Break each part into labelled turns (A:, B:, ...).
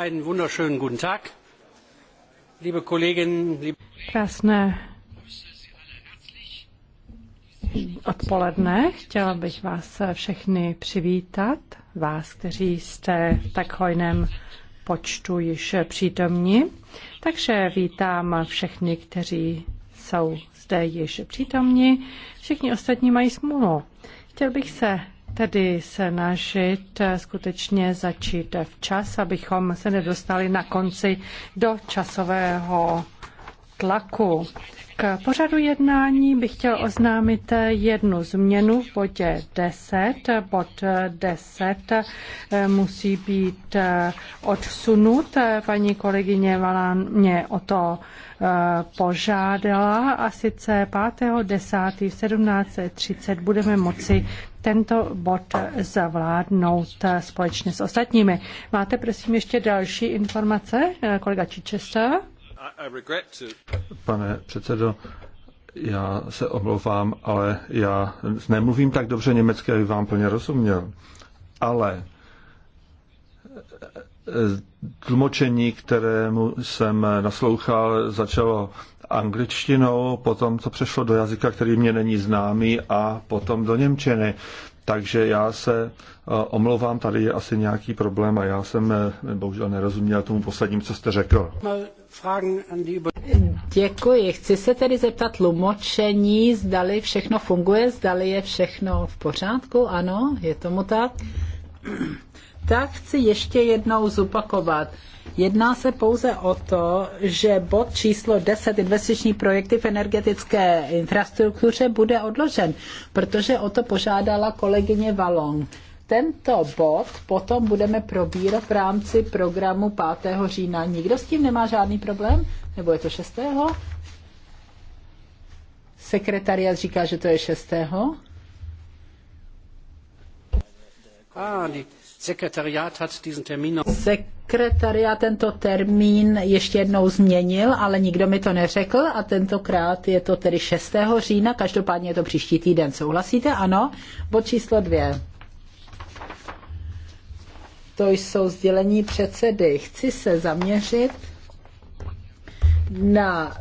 A: Einen wunderschönen guten Tag, liebe Kolleginnen, liebe Krásné odpoledne. Chtěla bych vás všechny přivítat, vás, kteří jste v tak hojném počtu již přítomni. Takže vítám všechny, kteří jsou zde již přítomni. Všichni ostatní mají smůlu. Chtěl bych se tedy se snažit eh, skutečně začít včas, abychom se nedostali na konci do časového tlaku. K pořadu jednání bych chtěl oznámit jednu změnu v bodě 10. Bod 10 eh, musí být eh, odsunut. Paní kolegyně Valán mě o to eh, požádala a sice 5.10.17.30 budeme moci tento bod zavládnout společně s ostatními. Máte prosím ještě další informace, kolega Čičesta?
B: Pane předsedo, já se omlouvám, ale já nemluvím tak dobře německy, abych vám plně rozuměl. Ale e, tlumočení, kterému jsem naslouchal, začalo angličtinou, potom to přešlo do jazyka, který mě není známý a potom do němčiny. Takže já se eh, omlouvám, tady je asi nějaký problém a já jsem eh, bohužel nerozuměl tomu posledním, co jste řekl.
C: Děkuji. Chci se tedy zeptat tlumočení, zdali všechno funguje, zdali je všechno v pořádku. Ano, je tomu tak tak chci ještě jednou zopakovat. Jedná se pouze o to, že bod číslo 10 investiční projekty v energetické infrastruktuře bude odložen, protože o to požádala kolegyně Valon. Tento bod potom budeme probírat v rámci programu 5. října. Nikdo s tím nemá žádný problém? Nebo je to 6. Sekretariat říká, že to je 6.
A: Ah, Sekretariát hat diesen Termin
C: tento termín ještě jednou změnil, ale nikdo mi to neřekl a tentokrát je to tedy 6. října, každopádně je to příští týden. Souhlasíte? Ano. Bod číslo dvě. To jsou sdělení předsedy. Chci se zaměřit na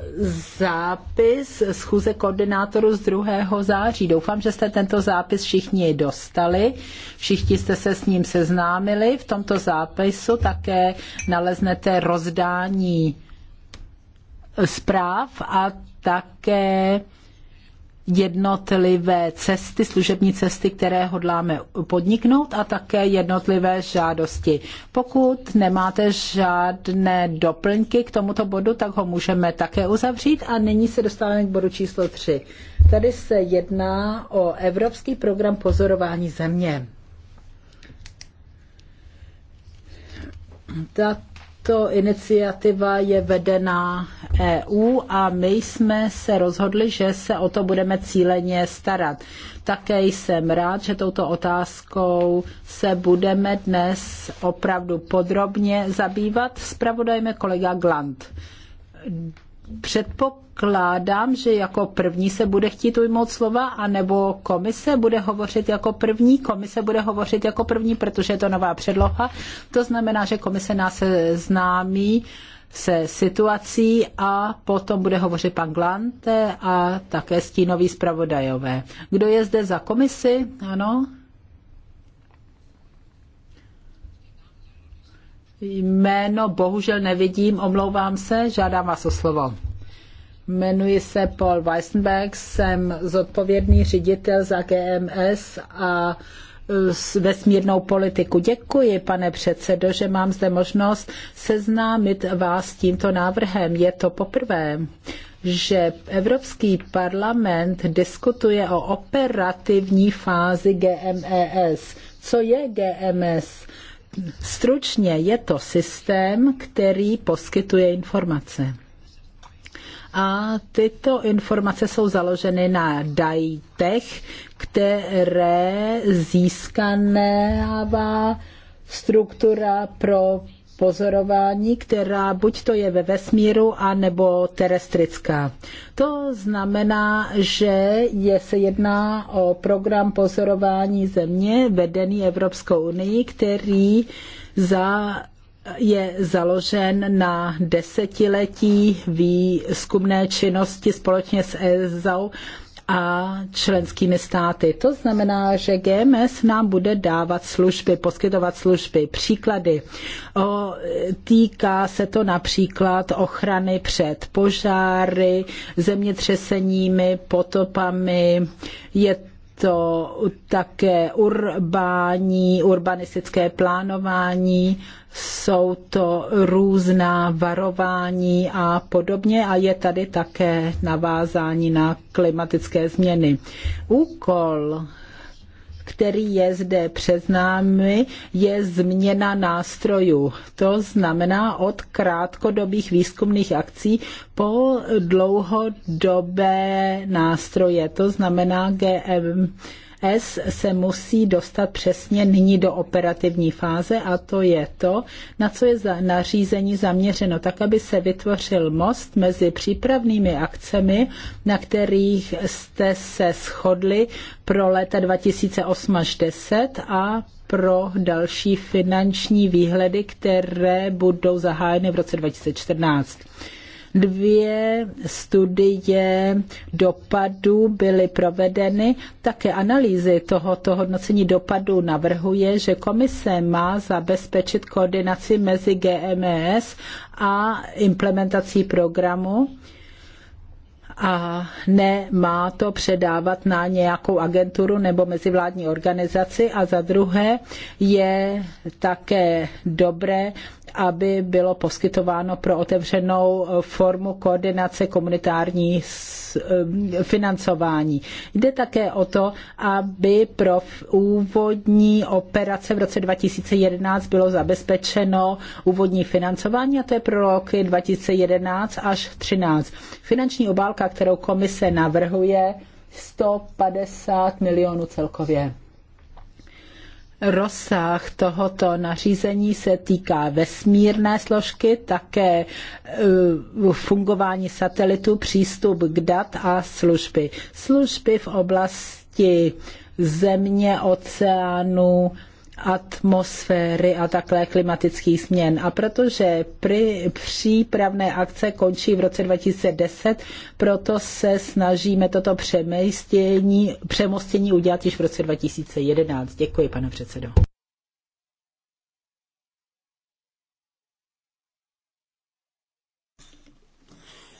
C: zápis schůze koordinátorů z 2. září. Doufám, že jste tento zápis všichni dostali, všichni jste se s ním seznámili. V tomto zápisu také naleznete rozdání zpráv a také jednotlivé cesty, služební cesty, které hodláme podniknout a také jednotlivé žádosti. Pokud nemáte žádné doplňky k tomuto bodu, tak ho můžeme také uzavřít a nyní se dostáváme k bodu číslo 3. Tady se jedná o Evropský program pozorování země. Tak tato iniciativa je vedená EU a my jsme se rozhodli, že se o to budeme cíleně starat. Také jsem rád, že touto otázkou se budeme dnes opravdu podrobně zabývat. Spravodajme kolega Glant. Předpokládám, že jako první se bude chtít ujmout slova, anebo komise bude hovořit jako první. Komise bude hovořit jako první, protože je to nová předloha. To znamená, že komise nás známí se situací a potom bude hovořit pan Glante a také stínoví zpravodajové. Kdo je zde za komisi? Ano. Jméno bohužel nevidím, omlouvám se, žádám vás o slovo. Jmenuji se Paul Weissenberg, jsem zodpovědný ředitel za GMS a e, vesmírnou politiku. Děkuji, pane předsedo, že mám zde možnost seznámit vás s tímto návrhem. Je to poprvé, že Evropský parlament diskutuje o operativní fázi GMES. Co je GMS? Stručně je to systém, který poskytuje informace. A tyto informace jsou založeny na dajtech, které získanává struktura pro pozorování, která buď to je ve vesmíru, a nebo terestrická. To znamená, že je, se jedná o program pozorování země vedený Evropskou unii, který za je založen na desetiletí výzkumné činnosti společně s ESO a členskými státy. To znamená, že GMS nám bude dávat služby, poskytovat služby. Příklady. O, týká se to například ochrany před požáry, zemětřeseními, potopami. Je to také urbání, urbanistické plánování, jsou to různá varování a podobně a je tady také navázání na klimatické změny. Úkol který je zde před námi, je změna nástrojů. To znamená od krátkodobých výzkumných akcí po dlouhodobé nástroje. To znamená GM s se musí dostat přesně nyní do operativní fáze a to je to, na co je za nařízení zaměřeno, tak aby se vytvořil most mezi přípravnými akcemi, na kterých jste se shodli pro léta 2008 až 10 a pro další finanční výhledy, které budou zahájeny v roce 2014. Dvě studie dopadů byly provedeny, také analýzy tohoto hodnocení dopadů navrhuje, že komise má zabezpečit koordinaci mezi GMS a implementací programu a nemá to předávat na nějakou agenturu nebo mezivládní organizaci. A za druhé je také dobré aby bylo poskytováno pro otevřenou formu koordinace komunitární eh, financování. Jde také o to, aby pro úvodní operace v roce 2011 bylo zabezpečeno úvodní financování a to je pro roky 2011 až 2013. Finanční obálka, kterou komise navrhuje, 150 milionů celkově. Rozsah tohoto nařízení se týká vesmírné složky, také eh, fungování satelitu, přístup k dat a služby. Služby v oblasti země, oceánu, atmosféry a také klimatických změn. A protože pri, přípravné akce končí v roce 2010, proto se snažíme toto přemostění, přemostění udělat již v roce 2011. Děkuji, pane předsedo.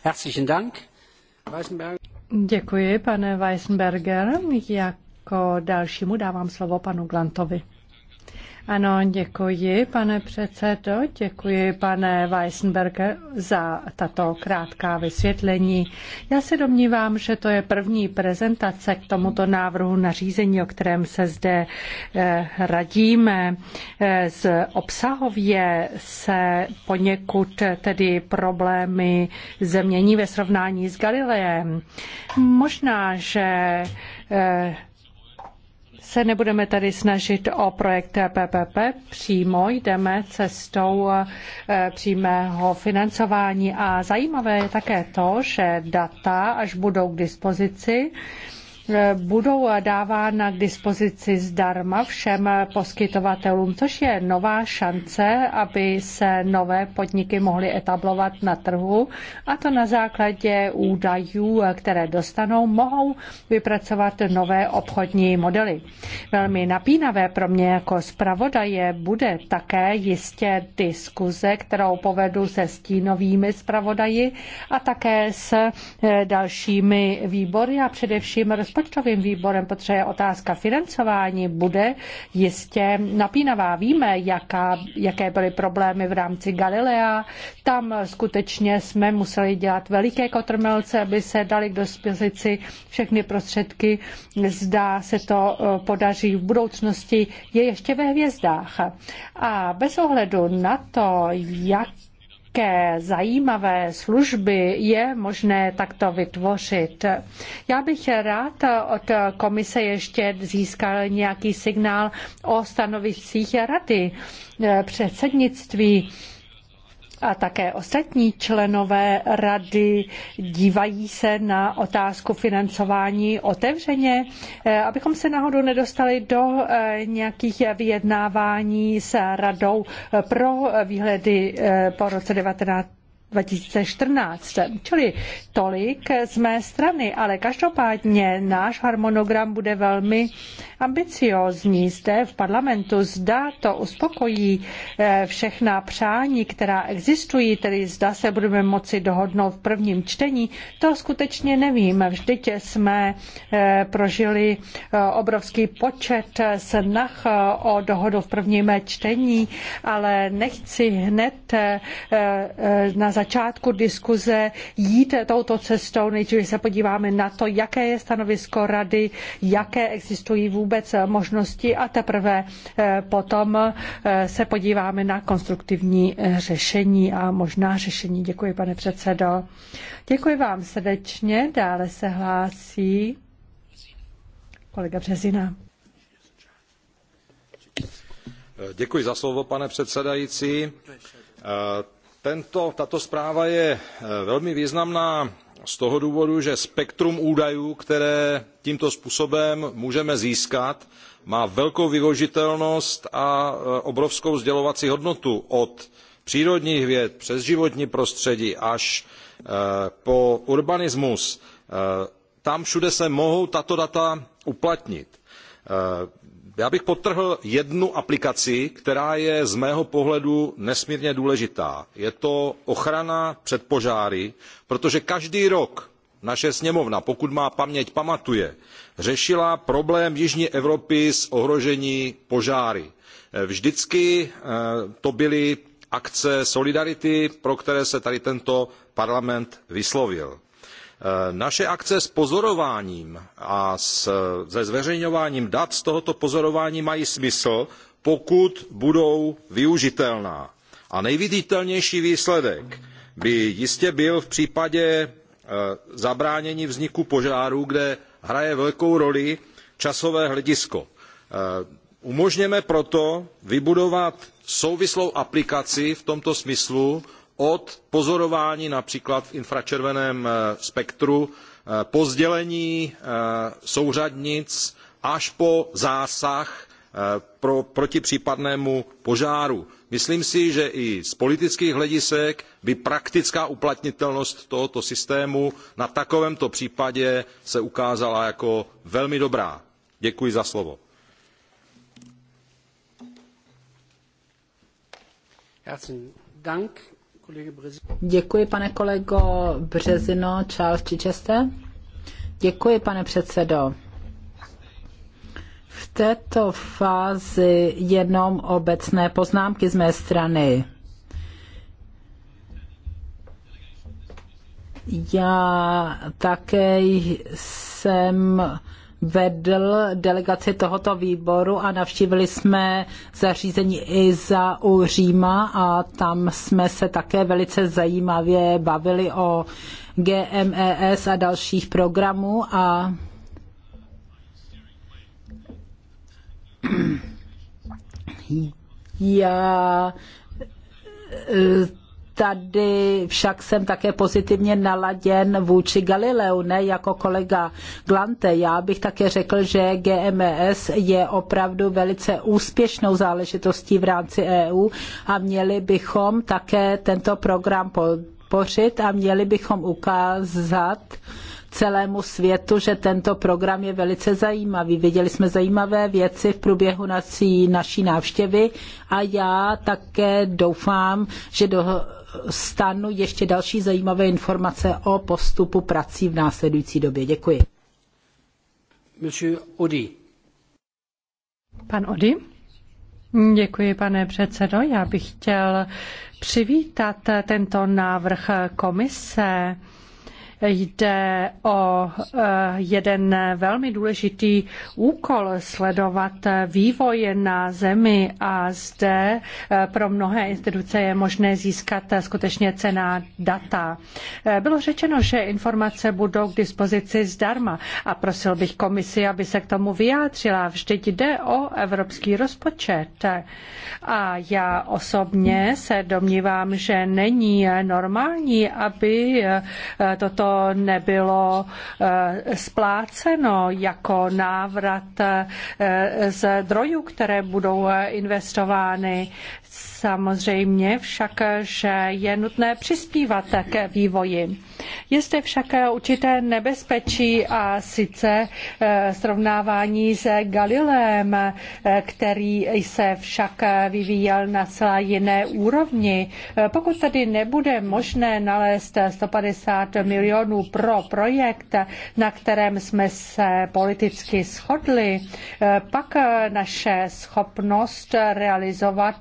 A: Herzlichen Dank, Weisenberg. Děkuji, pane Weissenberger. Jako dalšímu dávám slovo panu Glantovi. Ano, děkuji, pane předsedo, děkuji, pane Weissenberger, za tato krátká vysvětlení. Já se domnívám, že to je první prezentace k tomuto návrhu nařízení, o kterém se zde eh, radíme. Eh, z obsahově se poněkud tedy problémy zemění ve srovnání s Galileem. Možná, že eh, se nebudeme tady snažit o projekt PPP přímo, jdeme cestou eh, přímého financování a zajímavé je také to, že data, až budou k dispozici, budou dávána k dispozici zdarma všem poskytovatelům, což je nová šance, aby se nové podniky mohly etablovat na trhu a to na základě údajů, které dostanou, mohou vypracovat nové obchodní modely. Velmi napínavé pro mě jako zpravodaje bude také jistě diskuze, kterou povedu se stínovými zpravodaji a také s eh, dalšími výbory a především rozpočtovými rozpočtovým výborem, protože otázka financování bude jistě napínavá. Víme, jaká, jaké byly problémy v rámci Galilea. Tam skutečně jsme museli dělat veliké kotrmelce, aby se dali k dispozici všechny prostředky. Zdá se to eh, podaří v budoucnosti. Je ještě ve hvězdách. A bez ohledu na to, jak jaké zajímavé služby je možné takto vytvořit. Já bych rád od komise ještě získal nějaký signál o stanoviscích rady eh, předsednictví a také ostatní členové rady dívají se na otázku financování otevřeně, eh, abychom se náhodou nedostali do eh, nějakých vyjednávání s radou eh, pro výhledy po roce 19 2014. Čili tolik z mé strany, ale každopádně náš harmonogram bude velmi ambiciózní zde v parlamentu. Zda to uspokojí eh, všechna přání, která existují, tedy zda se budeme moci dohodnout v prvním čtení, to skutečně nevím. Vždyť jsme eh, prožili eh, obrovský počet snah o dohodu v prvním čtení, ale nechci hned na začátku diskuze jít touto cestou, nejdříve se podíváme na to, jaké je stanovisko rady, jaké existují vůbec možnosti a teprve eh, potom eh, se podíváme na konstruktivní eh, řešení a možná řešení. Děkuji, pane předsedo. Děkuji vám srdečně. Dále se hlásí kolega Březina.
D: Děkuji za slovo, pane předsedající tento, tato zpráva je eh, velmi významná z toho důvodu, že spektrum údajů, které tímto způsobem můžeme získat, má velkou vyložitelnost a eh, obrovskou sdělovací hodnotu od přírodních věd přes životní prostředí až eh, po urbanismus. Tam všude se mohou tato data uplatnit já bych podtrhl jednu aplikaci která je z mého pohledu nesmírně důležitá je to ochrana před požáry protože každý rok naše sněmovna pokud má paměť pamatuje řešila problém jižní evropy s ohrožením požáry. Eh, vždycky eh, to byly akce solidarity pro které se tady tento parlament vyslovil Eh, naše akce s pozorováním a eh, se zveřejňováním dat z tohoto pozorování mají smysl, pokud budou využitelná. A nejviditelnější výsledek by jistě byl v případě eh, zabránění vzniku požáru, kde hraje velkou roli časové hledisko. Umožněme proto vybudovat souvislou aplikaci v tomto smyslu, od pozorování například v infračerveném eh, spektru eh, po sdělení eh, souřadnic až po zásah pro, proti případnému požáru. Myslím si, že i z politických hledisek by praktická uplatnitelnost tohoto systému na takovémto případě se ukázala jako velmi dobrá. Děkuji za slovo.
A: Dank.
C: Děkuji, pane kolego Březino, Charles Chichester. Děkuji, pane předsedo. V této fázi jenom obecné poznámky z mé strany. Já také jsem vedl delegaci tohoto výboru a navštívili jsme zařízení IZA u Říma a tam jsme se také velice zajímavě bavili o GMES a dalších programů a já tady však jsem také pozitivně naladěn vůči Galileu, ne jako kolega Glante. Já bych také řekl, že GMS je opravdu velice úspěšnou záležitostí v rámci EU a měli bychom také tento program podpořit a měli bychom ukázat, celému světu, že tento program je velice zajímavý. Viděli jsme zajímavé věci v průběhu naší, naší návštěvy a já také doufám, že dostanu ještě další zajímavé informace o postupu prací v následující době. Děkuji. Monsieur Odi. Pan Odi.
A: Děkuji, pane předsedo. Já bych chtěl přivítat tento návrh komise Jde o eh, jeden velmi důležitý úkol sledovat vývoj na zemi a zde eh, pro mnohé instituce je možné získat skutečně cená data. Eh, bylo řečeno, že informace budou k dispozici zdarma a prosil bych komisi, aby se k tomu vyjádřila. Vždyť jde o evropský rozpočet. A já osobně se domnívám, že není normální, aby toto nebylo eh, spláceno jako návrat eh, zdrojů, které budou eh, investovány. Samozřejmě však, že je nutné přispívat k vývoji. Je zde však určité nebezpečí a sice eh, srovnávání se Galilem, eh, který se však vyvíjel na celá jiné úrovni. Eh, pokud tady nebude možné nalézt 150 milionů pro projekt, na kterém jsme se politicky shodli, pak naše schopnost realizovat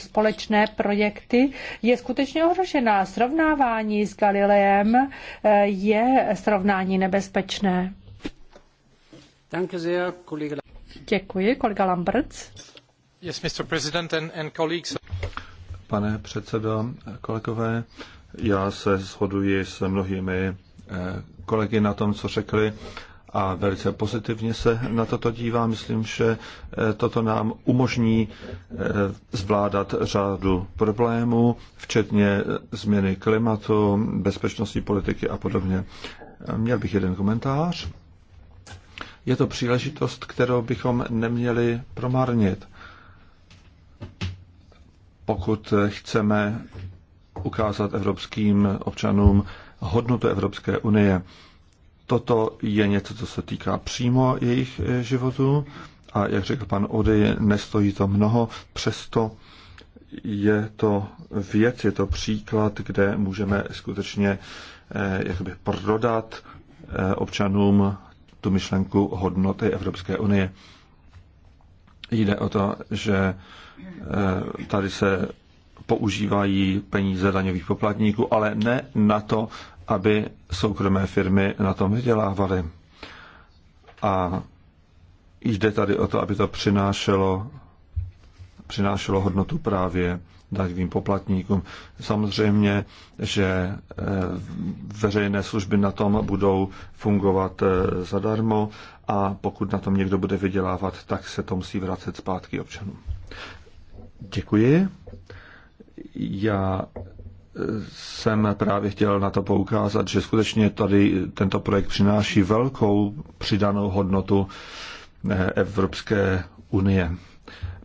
A: společné projekty je skutečně ohrožená. Srovnávání s Galileem eh, je srovnání nebezpečné. Děkuji, kolega Lamberts.
D: Yes, Mr. President and, and colleagues.
B: Pane předsedo, kolegové, já se shoduji s mnohými eh, kolegy na tom, co řekli a velice pozitivně se na toto dívá. Myslím, že eh, toto nám umožní eh, zvládat řádu problémů, včetně eh, změny klimatu, bezpečnostní politiky a podobně. Měl bych jeden komentář. Je to příležitost, kterou bychom neměli promarnit, pokud chceme ukázat evropským občanům hodnotu Evropské unie. Toto je něco, co se týká přímo jejich eh, životů a jak řekl pan Ody, nestojí to mnoho, přesto je to věc, je to příklad, kde můžeme skutečně eh, jakoby prodat eh, občanům tu myšlenku hodnoty Evropské unie. Jde o to, že tady se používají peníze daňových poplatníků, ale ne na to, aby soukromé firmy na tom vydělávaly. A jde tady o to, aby to přinášelo, přinášelo hodnotu právě daňovým poplatníkům. Samozřejmě, že eh, veřejné služby na tom budou fungovat eh, zadarmo a pokud na tom někdo bude vydělávat, tak se to musí vracet zpátky občanům. Děkuji. Já jsem právě chtěl na to poukázat, že skutečně tady tento projekt přináší velkou přidanou hodnotu eh, Evropské unie.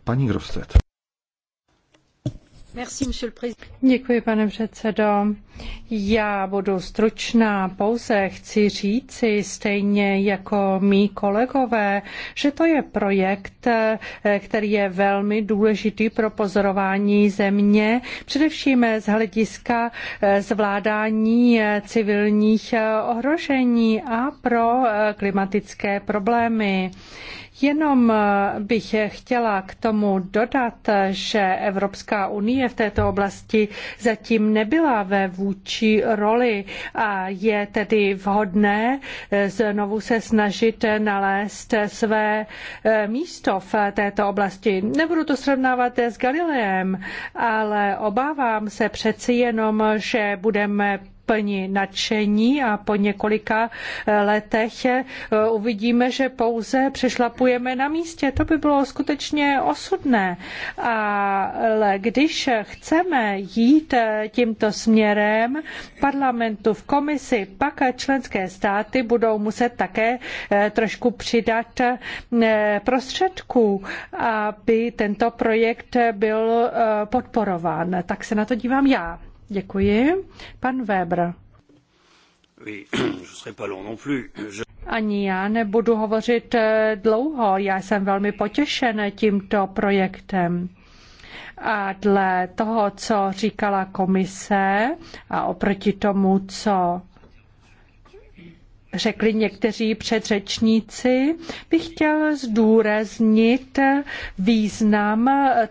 B: Paní Grostet.
A: Děkuji, pane předsedající. Já budu stručná, pouze chci říci, stejně jako mý kolegové, že to je projekt, eh, který je velmi důležitý pro pozorování země, především z hlediska eh, zvládání eh, civilních ohrožení a pro klimatické problémy. Jenom eh, bych chtěla k tomu dodat, že Evropská unie v této oblasti zatím nebyla ve vůči roli a je tedy vhodné eh, znovu se snažit nalézt své eh, místo v této oblasti. Nebudu to srovnávat s Galileem, ale obávám se přeci jenom, že budeme plni nadšení a po několika eh, letech eh, uvidíme, že pouze přešlapujeme na místě. To by bylo skutečně osudné. Ale když chceme jít eh, tímto směrem parlamentu v komisi, pak členské státy budou muset také trošku přidat prostředků, aby tento projekt byl podporován. Tak se na to dívám já. Děkuji. Pan Weber. Ani já nebudu hovořit eh, dlouho. Já jsem velmi potěšen tímto projektem. A dle toho, co říkala komise a oproti tomu, co řekli někteří předřečníci, bych chtěl zdůraznit význam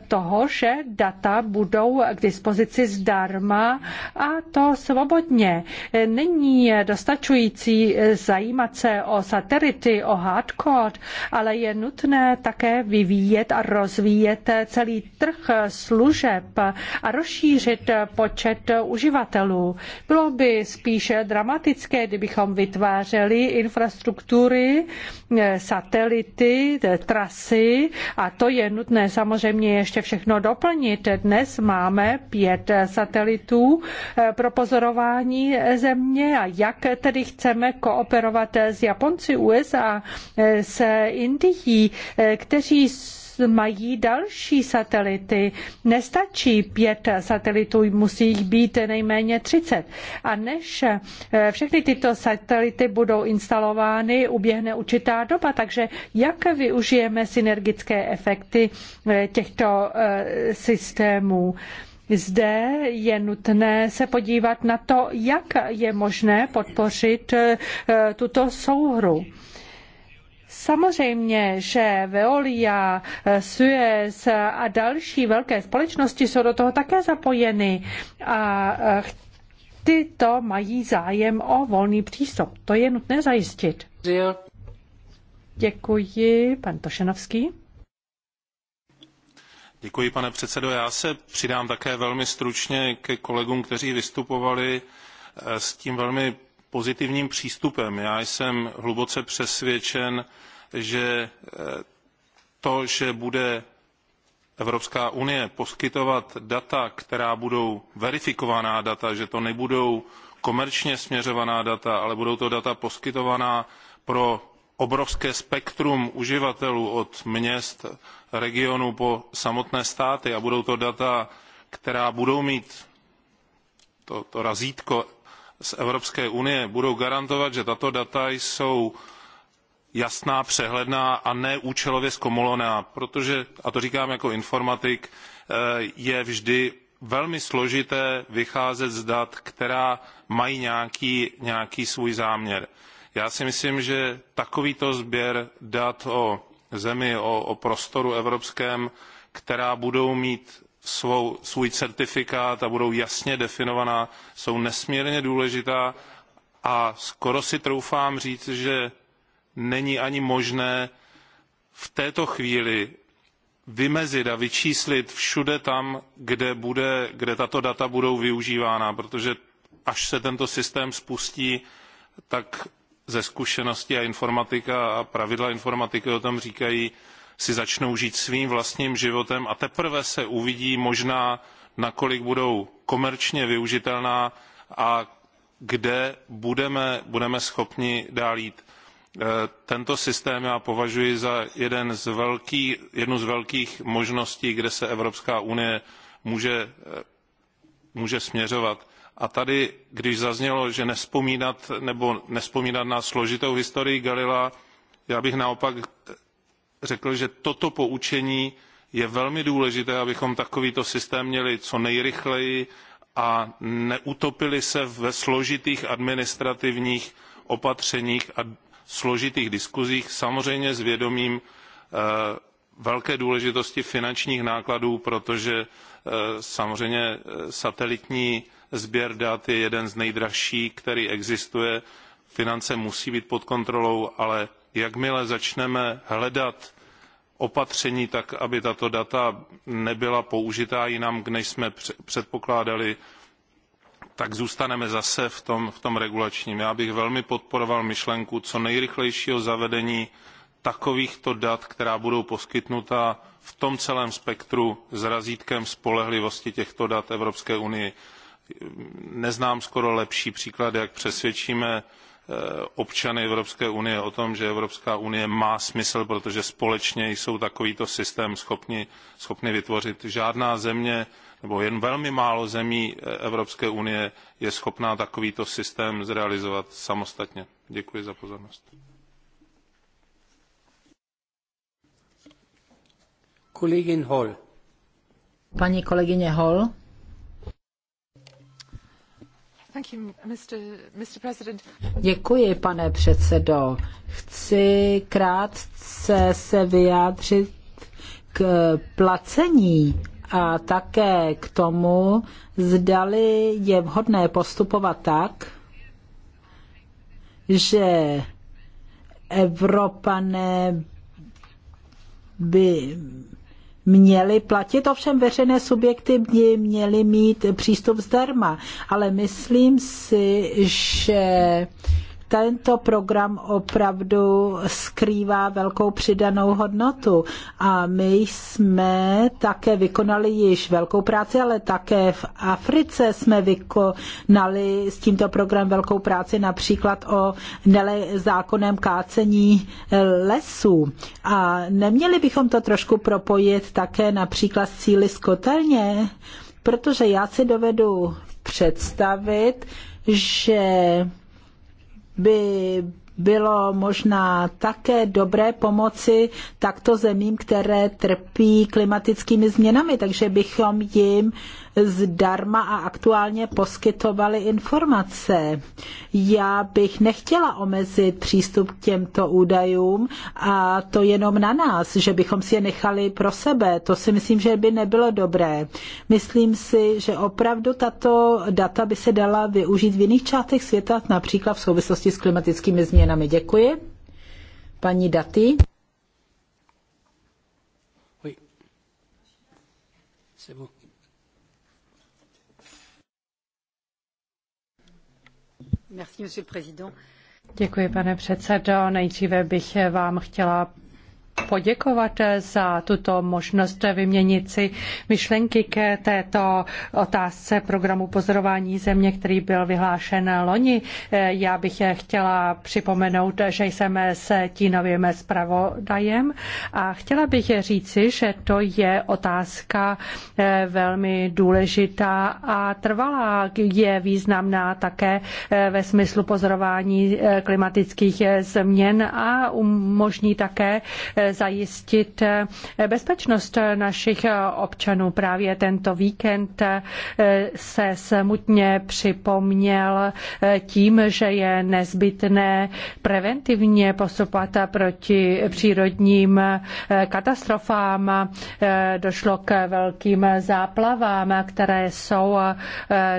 A: toho, že data budou k dispozici zdarma a to svobodně. Není dostačující zajímat se o satelity, o hardcore, ale je nutné také vyvíjet a rozvíjet celý trh služeb a rozšířit počet uživatelů. Bylo by spíše dramatické, kdybychom vytvářeli čelí infrastruktury, eh, satelity, trasy a to je nutné samozřejmě ještě všechno doplnit. Dnes máme pět satelitů eh, pro pozorování země a jak tedy chceme kooperovat s Japonci, USA, eh, s Indií, kteří mají další satelity. Nestačí pět satelitů, musí jich být nejméně 30. A než eh, všechny tyto satelity budou instalovány, uběhne určitá doba, takže jak využijeme synergické efekty eh, těchto eh, systémů? Zde je nutné se podívat na to, jak je možné podpořit tuto souhru. Samozřejmě, že Veolia, eh, Suez a další velké společnosti jsou do toho také zapojeny a eh, tyto mají zájem o volný přístup. To je nutné zajistit. Děkuji, pan Tošenovský.
E: Děkuji, pane předsedo. Já se přidám také velmi stručně ke kolegům, kteří vystupovali eh, s tím velmi pozitivním přístupem. Já jsem hluboce přesvědčen, že eh, to, že bude Evropská unie poskytovat data, která budou verifikovaná data, že to nebudou komerčně směřovaná data, ale budou to data poskytovaná pro obrovské spektrum uživatelů od měst, regionů po samotné státy a budou to data, která budou mít to, to razítko z Evropské unie budou garantovat, že tato data jsou jasná, přehledná a ne účelově zkomolená, protože, a to říkám jako informatik, eh, je vždy velmi složité vycházet z dat, která mají nějaký, nějaký svůj záměr. Já si myslím, že takovýto sběr dat o zemi, o, o prostoru evropském, která budou mít svou, svůj certifikát a budou jasně definovaná, jsou nesmírně důležitá a skoro si troufám říct, že není ani možné v této chvíli vymezit a vyčíslit všude tam, kde, bude, kde tato data budou využívána, protože až se tento systém spustí, tak ze zkušenosti a informatika a pravidla informatiky o tom říkají, si začnou žít svým vlastním životem a teprve se uvidí možná, nakolik budou komerčně využitelná a kde budeme, budeme schopni dál jít. E, tento systém já považuji za jeden z velký, jednu z velkých možností, kde se Evropská unie může, e, může směřovat. A tady, když zaznělo, že nespomínat nebo nespomínat na složitou historii Galila, já bych naopak řekl, že toto poučení je velmi důležité, abychom takovýto systém měli co nejrychleji a neutopili se ve složitých administrativních opatřeních a složitých diskuzích, samozřejmě s vědomím eh, velké důležitosti finančních nákladů, protože eh, samozřejmě eh, satelitní sběr dat je jeden z nejdražších, který existuje. Finance musí být pod kontrolou, ale jakmile začneme hledat opatření tak aby tato data nebyla použita jinam než jsme předpokládali tak zůstaneme zase v tom, v tom regulačním. já bych velmi podporoval myšlenku co nejrychlejšího zavedení takovýchto dat která budou poskytnuta v tom celém spektru s razítkem spolehlivosti těchto dat evropské unii. neznám skoro lepší příklad jak přesvědčíme Eh, občany Evropské unie o tom, že Evropská unie má smysl, protože společně jsou takovýto systém schopni, schopni vytvořit. Žádná země nebo jen velmi málo zemí eh, Evropské unie je schopná takovýto systém zrealizovat samostatně. Děkuji za pozornost.
A: Kolegyně Hol.
C: Paní kolegyně Hol. Děkuji, pane předsedo. Chci krátce se vyjádřit k placení a také k tomu, zdali je vhodné postupovat tak, že Evropané by měly platit, ovšem veřejné subjekty by měly mít přístup zdarma. Ale myslím si, že tento program opravdu skrývá velkou přidanou hodnotu. A my jsme také vykonali již velkou práci, ale také v Africe jsme vykonali s tímto programem velkou práci, například o nezákonném kácení lesů. A neměli bychom to trošku propojit také například s cíly z kotelně, protože já si dovedu představit, že by bylo možná také dobré pomoci takto zemím, které trpí klimatickými změnami, takže bychom jim zdarma a aktuálně poskytovali informace. Já bych nechtěla omezit přístup k těmto údajům a to jenom na nás, že bychom si je nechali pro sebe. To si myslím, že by nebylo dobré. Myslím si, že opravdu tato data by se dala využít v jiných částech světa, například v souvislosti s klimatickými změnami. Děkuji. Paní Daty.
A: C'est bon. Děkuji, pane předsedající. Nejdříve bych vám chtěla poděkovat eh, za tuto možnost eh, vyměnit si myšlenky k eh, této otázce programu pozorování země, který byl vyhlášen loni. Já bych chtěla připomenout, že jsem s Tínovým zpravodajem a chtěla bych říci, že to je otázka velmi důležitá a trvalá. Je významná také ve smyslu pozorování klimatických změn a umožní také zajistit bezpečnost našich občanů. Právě tento víkend se smutně připomněl tím, že je nezbytné preventivně postupovat proti přírodním katastrofám. Došlo k velkým záplavám, které jsou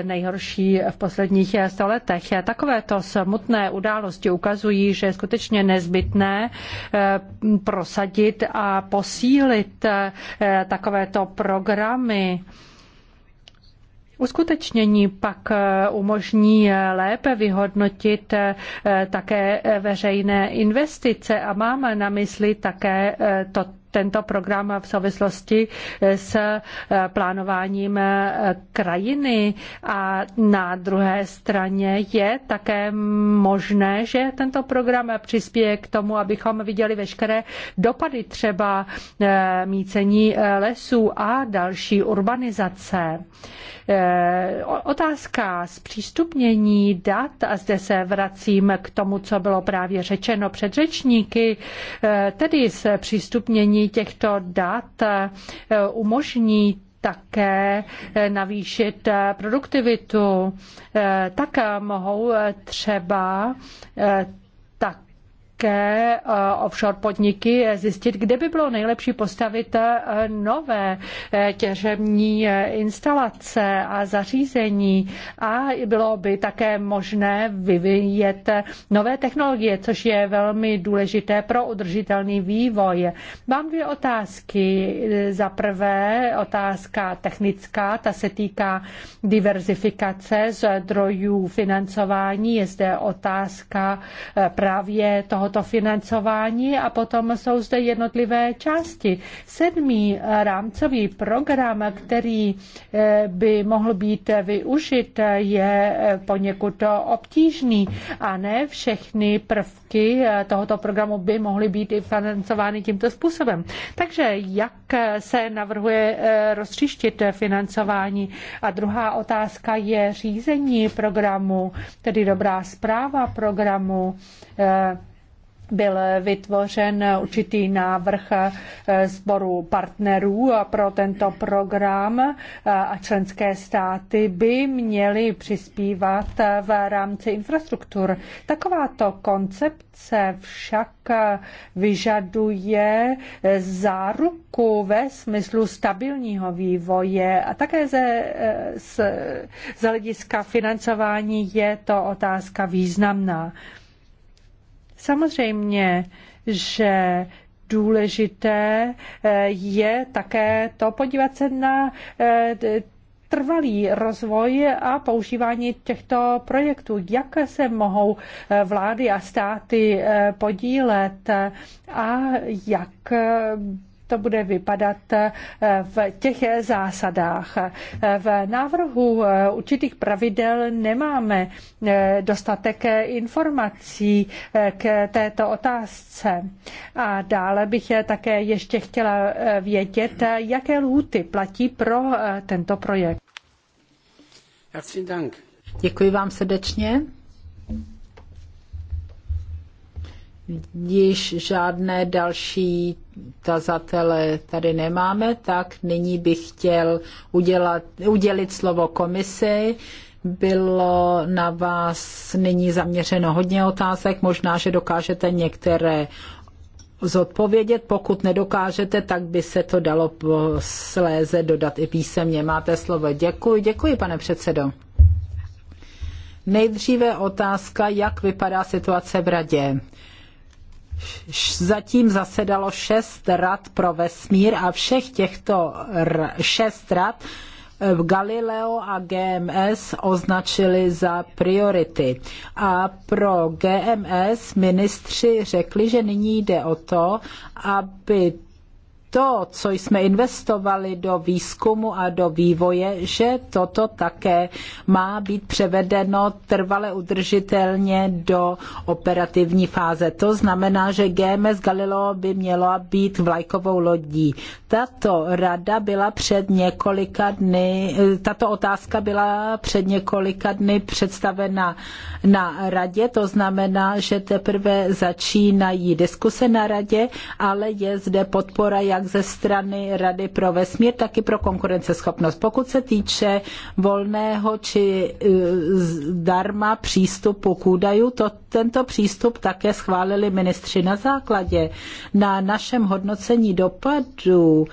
A: nejhorší v posledních stoletech. Takovéto smutné události ukazují, že je skutečně nezbytné prosadit prosadit a posílit eh, takovéto programy. Uskutečnění pak eh, umožní eh, lépe vyhodnotit také veřejné investice a máme na mysli také to tento program v souvislosti s eh, plánováním eh, krajiny a na druhé straně je také možné, že tento program přispěje k tomu, abychom viděli veškeré dopady třeba eh, mícení lesů a další urbanizace. Otázka zpřístupnění dat, a zde se vracím k tomu, co bylo právě řečeno před řečníky, tedy zpřístupnění Zveřejnění těchto dat eh, umožní také eh, navýšit eh, produktivitu. Tak mohou třeba velké eh, offshore podniky zjistit, kde by bylo nejlepší postavit eh, nové eh, těžební instalace a zařízení a bylo by také možné vyvíjet nové technologie, což je velmi důležité pro udržitelný vývoj. Mám dvě otázky. Za prvé otázka technická, ta se týká diversifikace zdrojů financování. Je zde otázka právě toho tohoto financování a potom jsou zde jednotlivé části. Sedmý rámcový program, který eh, by mohl být využit, je eh, poněkud obtížný a ne všechny prvky eh, tohoto programu by mohly být i financovány tímto způsobem. Takže jak se navrhuje rozstříštit financování? A druhá otázka je řízení programu, tedy dobrá zpráva programu, byl vytvořen určitý návrh eh, sboru partnerů pro tento program eh, a členské státy by měly přispívat eh, v rámci infrastruktur. Takováto koncepce však vyžaduje záruku ve smyslu stabilního vývoje a také ze, z, z hlediska financování je to otázka významná. Samozřejmě, že důležité eh, je také to podívat se na eh, trvalý rozvoj a používání těchto projektů. Jak se mohou eh, vlády a státy podílet a jak to bude vypadat eh, v těch zásadách. Eh, v návrhu eh, určitých pravidel nemáme dostatek informací k této otázce. A dále bych také ještě chtěla vědět, jaké lhuty platí pro
C: tento projekt. Děkuji vám srdečně. již žádné další tazatele tady nemáme, tak nyní bych chtěl udělat, udělit slovo komisi. Bylo na vás nyní zaměřeno hodně otázek, možná, že dokážete některé zodpovědět. Pokud nedokážete, tak by se to dalo posléze dodat i písemně. Máte slovo. Děkuji, děkuji, pane předsedo. Nejdříve otázka, jak vypadá situace v radě zatím zasedalo šest rad pro vesmír a všech těchto šest rad eh, Galileo a GMS označili za priority. A pro GMS ministři řekli, že nyní jde o to, aby to, co jsme investovali do výzkumu a do vývoje, že toto také má být převedeno trvale udržitelně do operativní fáze. To znamená, že GMS Galileo by mělo být vlajkovou lodí. Tato rada byla před několika dny, tato otázka byla před několika dny představena na radě, to znamená, že teprve začínají diskuse na radě, ale je zde podpora jak ze strany Rady pro vesmír, tak i pro konkurenceschopnost. Pokud se týče volného či e, zdarma přístupu k údaju, to tento přístup také schválili ministři na základě. Na našem hodnocení dopadu,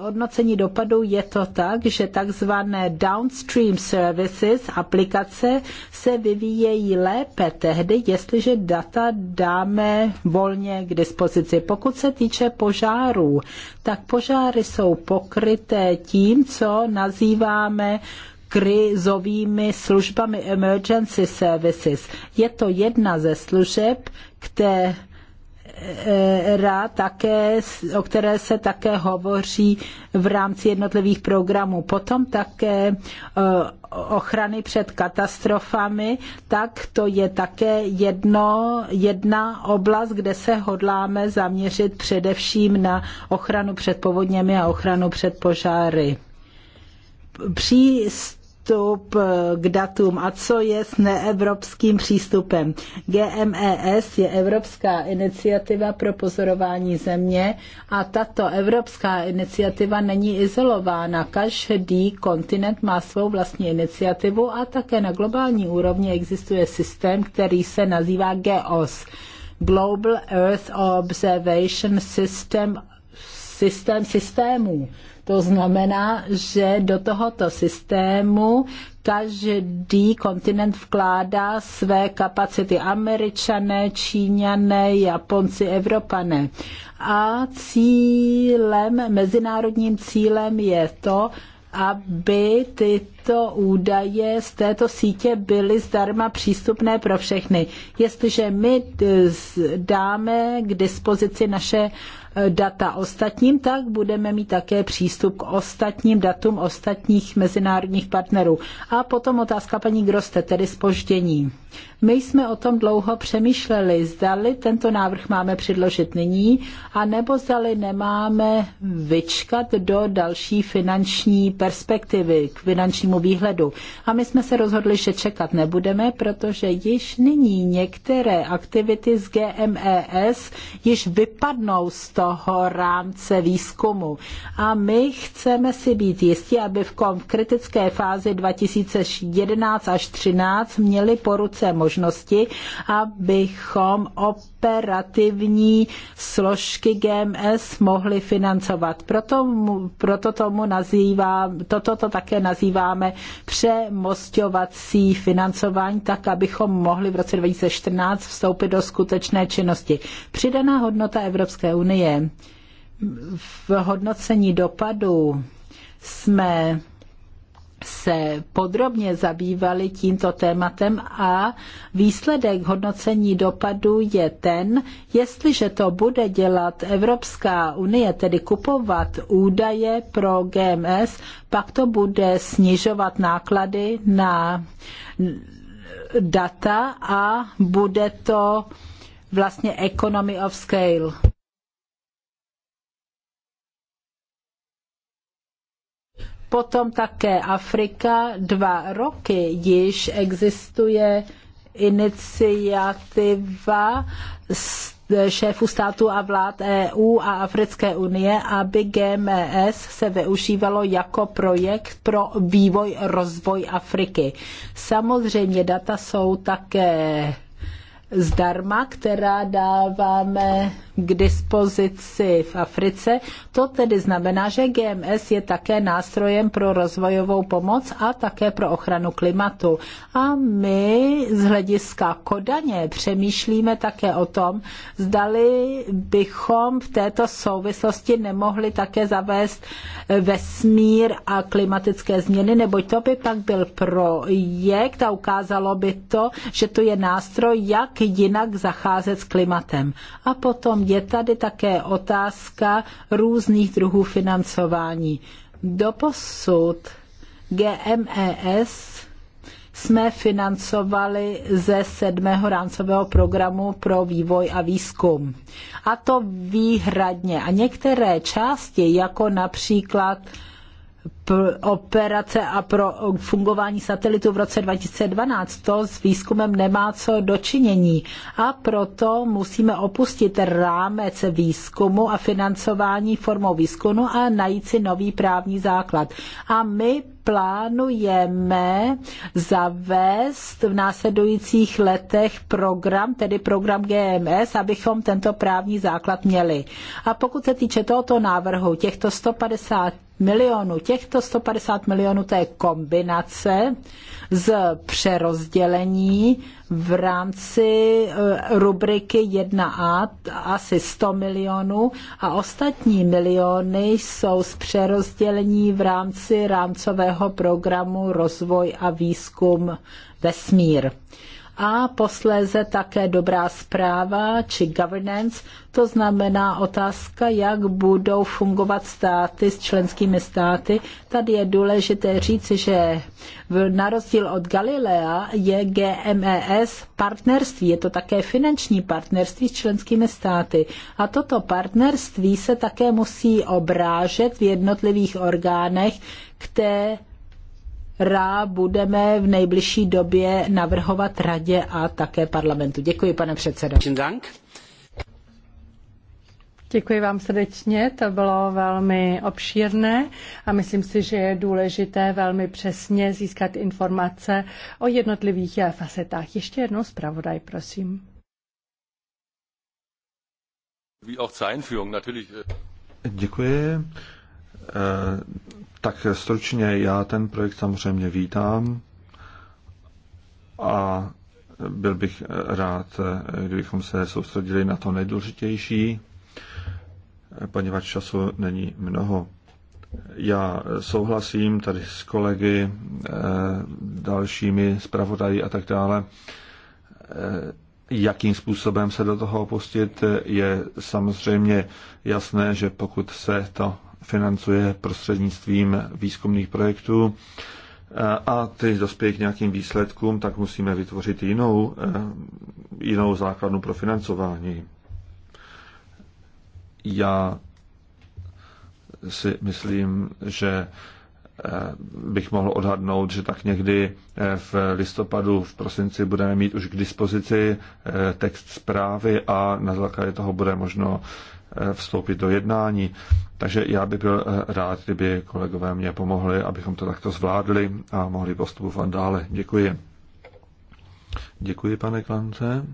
C: hodnocení dopadu je to tak, že takzvané downstream services, aplikace, se vyvíjejí lépe tehdy, jestliže data dáme volně k dispozici. Pokud se týče požárů, tak požáry jsou pokryté tím, co nazýváme krizovými službami Emergency Services. Je to jedna ze služeb, které rád také, o které se také hovoří v rámci jednotlivých programů. Potom také eh, ochrany před katastrofami, tak to je také jedno, jedna oblast, kde se hodláme zaměřit především na ochranu před povodněmi a ochranu před požáry. Příst přístup eh, k datům a co je s neevropským přístupem. GMES je Evropská iniciativa pro pozorování země a tato Evropská iniciativa není izolována. Každý kontinent má svou vlastní iniciativu a také na globální úrovni existuje systém, který se nazývá GEOS. Global Earth Observation System systém systémů. To znamená, že do tohoto systému každý kontinent vkládá své kapacity. Američané, Číňané, Japonci, Evropané. A cílem, mezinárodním cílem je to, aby tyto údaje z této sítě byly zdarma přístupné pro všechny. Jestliže my eh, dáme k dispozici naše Eh, data ostatním, tak budeme mít také přístup k ostatním datům ostatních mezinárodních partnerů. A potom otázka paní Groste, tedy spoždění. My jsme o tom dlouho přemýšleli, zdali tento návrh máme předložit nyní, anebo zdali nemáme vyčkat do další finanční perspektivy k finančnímu výhledu. A my jsme se rozhodli, že čekat nebudeme, protože již nyní některé aktivity z GMES již vypadnou z toho, toho rámce výzkumu. A my chceme si být jistí, aby v kritické fázi 2011 až 2013 měli po ruce možnosti, abychom opět operativní složky GMS mohly financovat. Proto, proto tomu nazývám, toto to také nazýváme přemostovací financování, tak abychom mohli v roce 2014 vstoupit do skutečné činnosti. Přidaná hodnota Evropské unie v hodnocení dopadu jsme se podrobně zabývali tímto tématem a výsledek hodnocení dopadu je ten, jestliže to bude dělat Evropská unie, tedy kupovat údaje pro GMS, pak to bude snižovat náklady na data a bude to vlastně economy of scale. Potom také Afrika. Dva roky již existuje iniciativa šéfů států a vlád EU a Africké unie, aby GMS se využívalo jako projekt pro vývoj rozvoj Afriky. Samozřejmě data jsou také zdarma, která dáváme k dispozici v Africe. To tedy znamená, že GMS je také nástrojem pro rozvojovou pomoc a také pro ochranu klimatu. A my z hlediska Kodaně přemýšlíme také o tom, zdali bychom v této souvislosti nemohli také zavést vesmír a klimatické změny, neboť to by pak byl projekt a ukázalo by to, že to je nástroj, jak jinak zacházet s klimatem. A potom je tady také otázka různých druhů financování. Doposud GMES jsme financovali ze sedmého rámcového programu pro vývoj a výzkum. A to výhradně. A některé části, jako například operace a pro fungování satelitu v roce 2012. To s výzkumem nemá co dočinění a proto musíme opustit rámec výzkumu a financování formou výzkumu a najít si nový právní základ. A my plánujeme zavést v následujících letech program, tedy program GMS, abychom tento právní základ měli. A pokud se týče tohoto návrhu, těchto 150 milionů, těchto 150 milionů, to je kombinace z přerozdělení v rámci eh, rubriky 1a asi 100 milionů a ostatní miliony jsou z přerozdělení v rámci rámcového rámcového programu Rozvoj a výzkum vesmír a posléze také dobrá zpráva či governance, to znamená otázka, jak budou fungovat státy s členskými státy. Tady je důležité říci, že na rozdíl od Galilea je GMES partnerství, je to také finanční partnerství s členskými státy. A toto partnerství se také musí obrážet v jednotlivých orgánech, které Rá budeme v nejbližší době navrhovat radě a také parlamentu. Děkuji, pane předsedo. Děkuji
A: vám srdečně, to bylo velmi obšírné a myslím si, že je důležité velmi přesně získat informace o jednotlivých facetách. Ještě jednou zpravodaj, prosím.
B: Äh, Děkuji. Äh, tak stručně, já ten projekt samozřejmě vítám a byl bych rád, kdybychom se soustředili na to nejdůležitější, poněvadž času není mnoho. Já souhlasím tady s kolegy, eh, dalšími zpravodají a tak dále. Eh, jakým způsobem se do toho opustit, je samozřejmě jasné, že pokud se to financuje prostřednictvím výzkumných projektů a ty dospějí k nějakým výsledkům, tak musíme vytvořit jinou, eh, jinou základnu pro financování. Já si myslím, že eh, bych mohl odhadnout, že tak někdy eh, v listopadu, v prosinci budeme mít už k dispozici text zprávy a na základě toho bude možno vstoupit do jednání. Takže já bych byl eh, rád, kdyby kolegové mě pomohli, abychom to takto zvládli a mohli postupovat dále. Děkuji. Děkuji, pane Klance.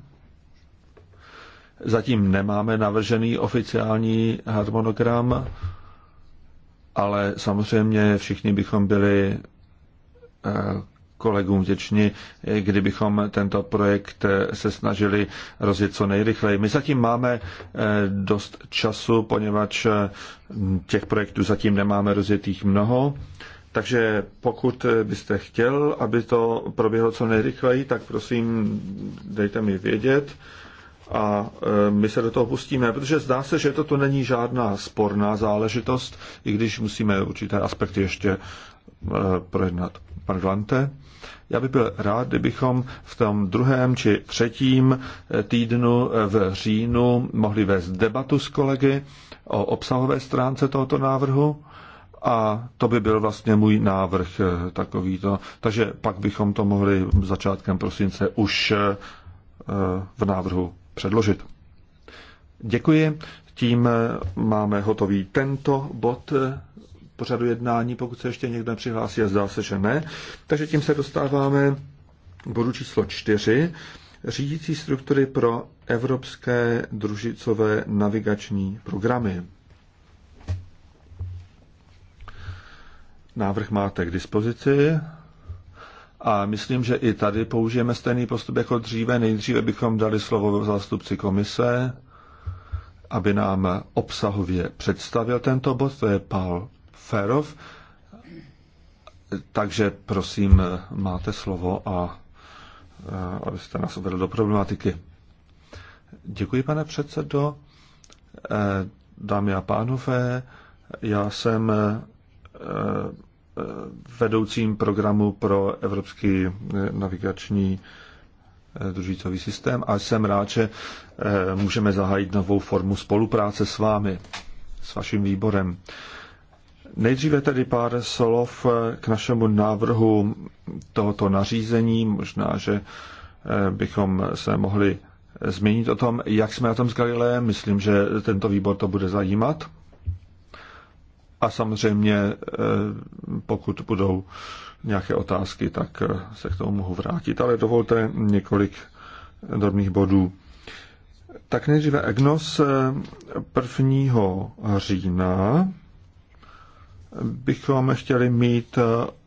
B: Zatím nemáme navržený oficiální harmonogram, ale samozřejmě všichni bychom byli eh, kolegům vděční, kdybychom tento projekt eh, se snažili rozjet co nejrychleji. My zatím máme eh, dost času, poněvadž eh, těch projektů zatím nemáme rozjetých mnoho. Takže pokud byste chtěl, aby to proběhlo co nejrychleji, tak prosím dejte mi vědět a my se do toho pustíme, protože zdá se, že toto není žádná sporná záležitost, i když musíme určité aspekty ještě projednat. Pan Glante? Já bych byl rád, kdybychom v tom druhém či třetím eh, týdnu eh, v říjnu mohli vést debatu s kolegy o obsahové stránce tohoto návrhu a to by byl vlastně můj návrh eh, takovýto. Takže pak bychom to mohli začátkem prosince už v návrhu předložit. Děkuji. Tím máme hotový tento bod pořadu jednání, pokud se ještě někdo přihlásí a zdá se, že ne. Takže tím se dostáváme k bodu číslo čtyři. Řídící struktury pro evropské družicové navigační programy. Návrh máte k dispozici. A myslím, že i tady použijeme stejný postup jako dříve. Nejdříve bychom dali slovo zástupci komise, aby nám obsahově představil tento bod, to je Paul Ferov. Takže prosím, máte slovo a abyste nás uvedl do problematiky. Děkuji, pane předsedo. E, dámy a pánové, já jsem e, e, vedoucím programu pro Evropský navigační družicový systém a jsem rád, že můžeme zahájit novou formu spolupráce s vámi, s vaším výborem. Nejdříve tedy pár slov eh, k našemu návrhu tohoto nařízení. Možná, že eh, bychom se mohli eh, zmínit o tom, jak jsme na tom s Galileem. Myslím, že tento výbor to bude zajímat. A samozřejmě, pokud budou nějaké otázky, tak se k tomu mohu vrátit. Ale dovolte několik drobných bodů. Tak nejdříve EGNOS 1. října bychom chtěli mít eh,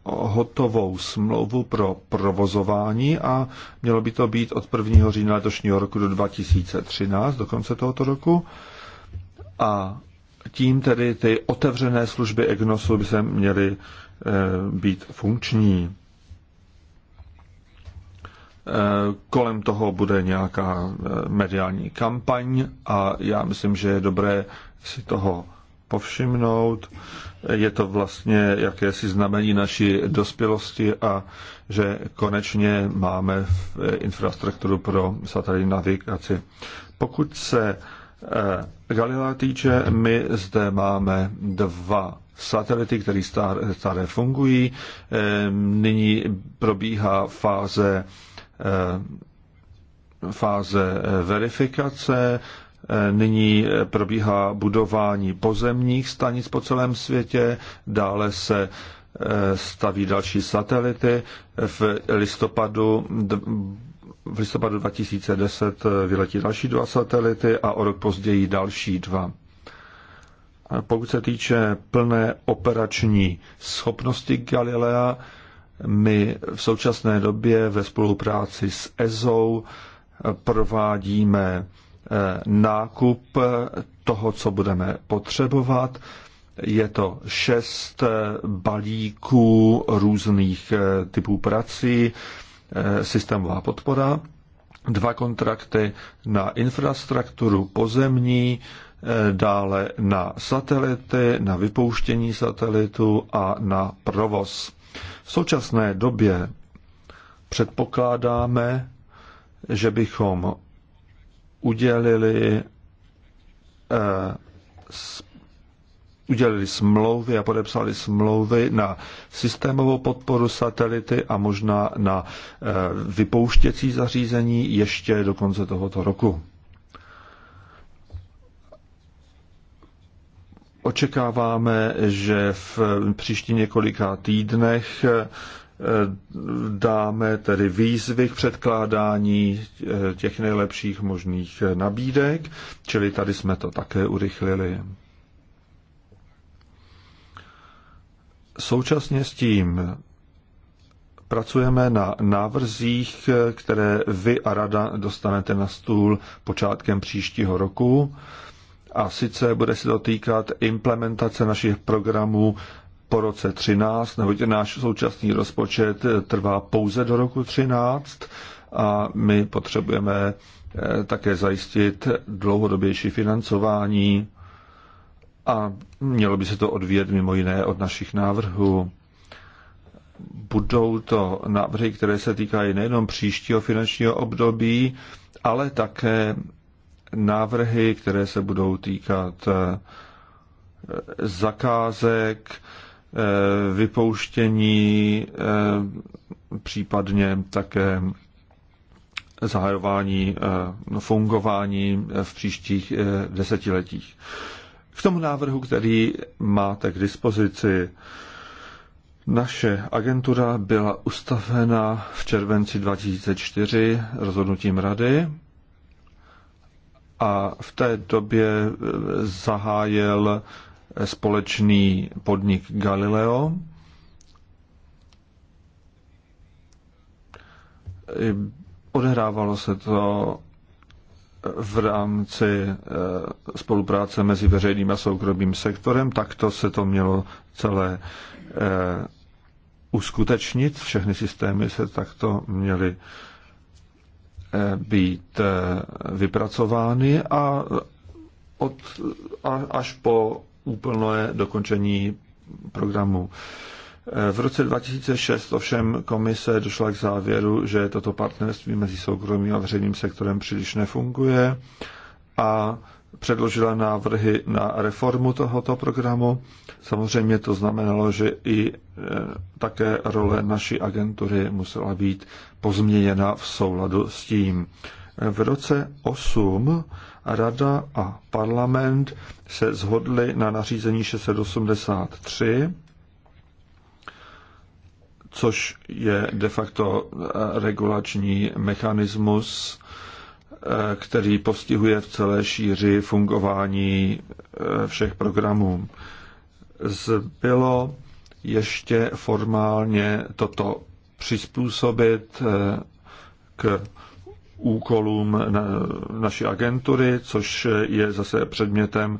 B: hotovou smlouvu pro provozování a mělo by to být od 1. října letošního roku do 2013, do konce tohoto roku. A tím tedy ty otevřené služby EGNOSu by se měly eh, být funkční. Eh, kolem toho bude nějaká mediální kampaň a já myslím, že je dobré si toho povšimnout. Je to vlastně jakési znamení naší dospělosti a že konečně máme infrastrukturu pro satelitní navigaci. Pokud se eh, Galilea týče, my zde máme dva satelity, které staré fungují. Eh, nyní probíhá fáze eh, fáze verifikace Nyní probíhá budování pozemních stanic po celém světě, dále se eh, staví další satelity. V listopadu v listopadu 2010 vyletí další dva satelity a o rok později další dva. Pokud se týče plné operační schopnosti Galilea, my v současné době ve spolupráci s EZO provádíme Eh, nákup toho, co budeme potřebovat. Je to šest eh, balíků různých eh, typů prací, systémová podpora, dva kontrakty na infrastrukturu pozemní, dále na satelity, na vypouštění satelitu a na provoz. V současné době předpokládáme, že bychom udělili, uh, udělili smlouvy a podepsali smlouvy na systémovou podporu satelity a možná na uh, vypouštěcí zařízení ještě do konce tohoto roku. Očekáváme, že v příští několika týdnech uh, dáme tedy výzvy k předkládání eh, těch nejlepších možných nabídek, čili tady jsme to také urychlili. Současně s tím pracujeme na návrzích, které vy a rada dostanete na stůl počátkem příštího roku. A sice bude se to týkat implementace našich programů po roce 13, neboť náš současný rozpočet trvá pouze do roku 13 a my potřebujeme eh, také zajistit dlouhodobější financování a mělo by se to odvíjet mimo jiné od našich návrhů. Budou to návrhy, které se týkají nejenom příštího finančního období, ale také návrhy, které se budou týkat eh, zakázek, Eh, vypouštění, eh, případně také zahajování eh, fungování v příštích desetiletích. K tomu návrhu, který máte k dispozici, naše agentura byla ustavena v červenci 2004 rozhodnutím rady a v té době zahájil společný podnik Galileo. Odehrávalo se to v rámci e, spolupráce mezi veřejným a soukromým sektorem. Takto se to mělo celé e, uskutečnit. Všechny systémy se takto měly e, být vypracovány a od, až po úplné dokončení programu. V roce 2006 ovšem komise došla k závěru, že toto partnerství mezi soukromým a veřejným sektorem příliš nefunguje a předložila návrhy na reformu tohoto programu. Samozřejmě to znamenalo, že i e, také role naší agentury musela být pozměněna v souladu s tím. V roce 8 Rada a parlament se zhodli na nařízení 683, což je de facto eh, regulační mechanismus, eh, který postihuje v celé šíři fungování eh, všech programů. Zbylo ještě formálně toto přizpůsobit k úkolům na naší agentury, což je zase předmětem eh,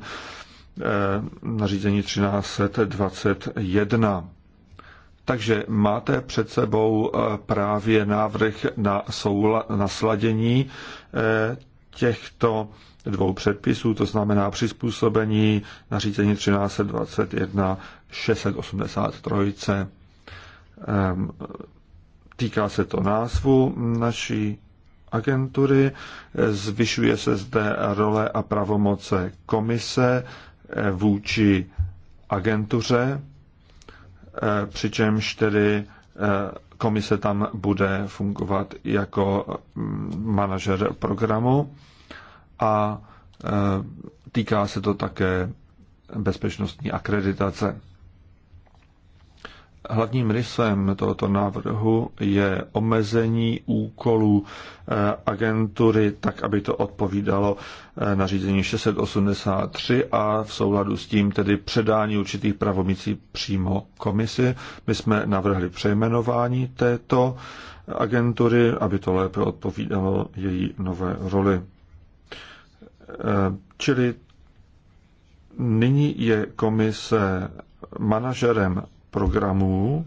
B: nařízení 1321. Takže máte před sebou eh, právě návrh na, soula, na sladění eh, těchto dvou předpisů, to znamená přizpůsobení nařízení 1321 683. Ehm, týká se to názvu naší agentury, eh, zvyšuje se zde role a pravomoce komise eh, vůči agentuře, eh, přičemž tedy komise tam bude fungovat jako mm, manažer programu a týká se to také bezpečnostní akreditace. Hlavním rysem tohoto návrhu je omezení úkolů eh, agentury tak, aby to odpovídalo eh, nařízení 683 a v souladu s tím tedy předání určitých pravomocí přímo komisi. My jsme navrhli přejmenování této agentury, aby to lépe odpovídalo její nové roli. Eh, čili nyní je komise manažerem programů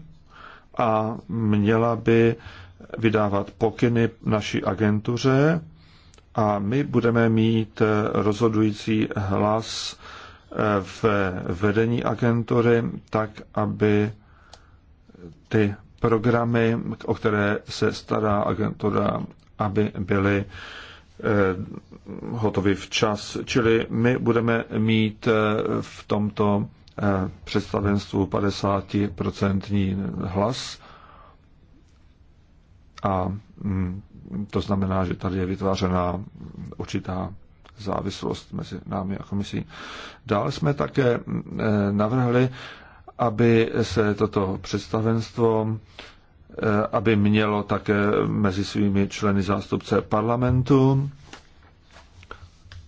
B: a měla by vydávat pokyny naší agentuře a my budeme mít rozhodující hlas eh, v vedení agentury, tak aby ty programy, o které se stará agentura, aby byly eh, hotovy včas. Čili my budeme mít eh, v tomto Eh, představenstvu 50% hlas. A mm, to znamená, že tady je vytvářena určitá závislost mezi námi a komisí. Dále jsme také eh, navrhli, aby se toto představenstvo eh, aby mělo také mezi svými členy zástupce parlamentu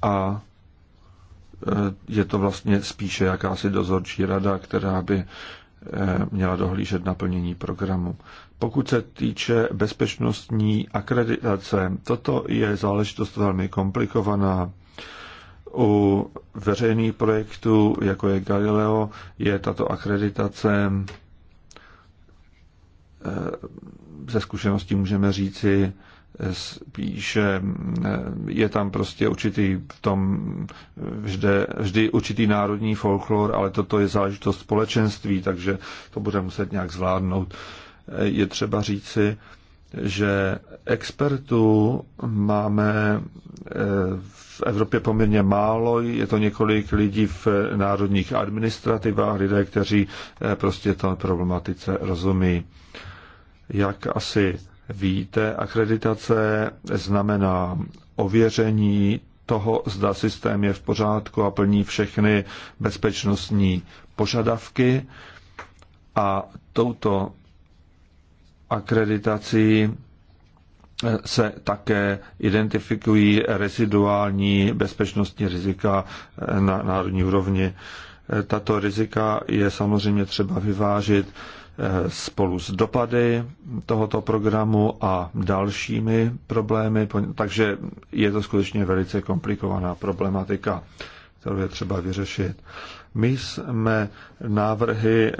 B: a je to vlastně spíše jakási dozorčí rada, která by eh, měla dohlížet na plnění programu. Pokud se týče bezpečnostní akreditace, toto je záležitost velmi komplikovaná. U veřejných projektů, jako je Galileo, je tato akreditace eh, ze zkušeností můžeme říci spíše eh, je tam prostě určitý v tom eh, vždy, vždy určitý národní folklor, ale toto je záležitost společenství, takže to bude muset nějak zvládnout. Eh, je třeba říci, že expertů máme v Evropě poměrně málo, je to několik lidí v národních administrativách, lidé, kteří prostě té problematice rozumí. Jak asi víte, akreditace znamená ověření toho, zda systém je v pořádku a plní všechny bezpečnostní požadavky. A touto akreditací eh, se také identifikují residuální bezpečnostní rizika eh, na národní úrovni. Eh, tato rizika je samozřejmě třeba vyvážit Eh, spolu s dopady tohoto programu a dalšími problémy, takže je to skutečně velice komplikovaná problematika, kterou je třeba vyřešit. My jsme návrhy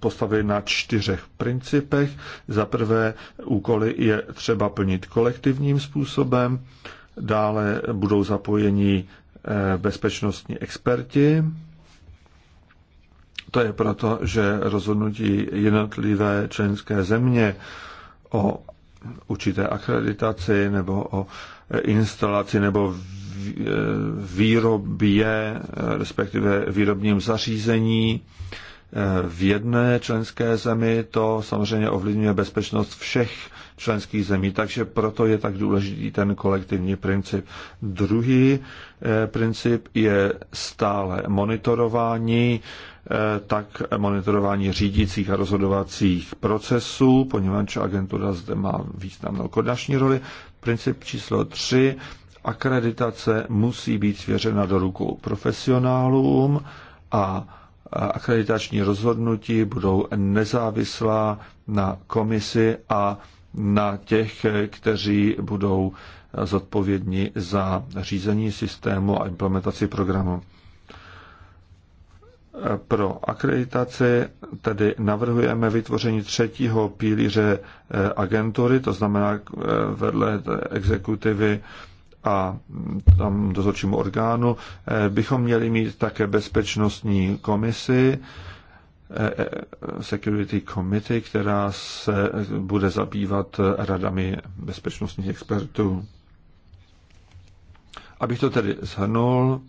B: postavili na čtyřech principech. Za prvé, úkoly je třeba plnit kolektivním způsobem, dále budou zapojeni eh, bezpečnostní experti, to je proto, že rozhodnutí jednotlivé členské země o určité akreditaci nebo o instalaci nebo výrobě, respektive výrobním zařízení eh, v jedné členské zemi, to samozřejmě ovlivňuje bezpečnost všech členských zemí, takže proto je tak důležitý ten kolektivní princip. Druhý eh, princip je stále monitorování Eh, tak monitorování řídících a rozhodovacích procesů, poněvadž agentura zde má významnou koordinační roli. Princip číslo 3. Akreditace musí být svěřena do rukou profesionálům a akreditační rozhodnutí budou nezávislá na komisi a na těch, kteří budou zodpovědní za řízení systému a implementaci programu. Pro akreditaci tedy navrhujeme vytvoření třetího pilíře eh, agentury, to znamená eh, vedle exekutivy a tam dozorčímu orgánu, eh, bychom měli mít také bezpečnostní komisi, Security Committee, která se bude zabývat radami bezpečnostních expertů. Abych to tedy shrnul,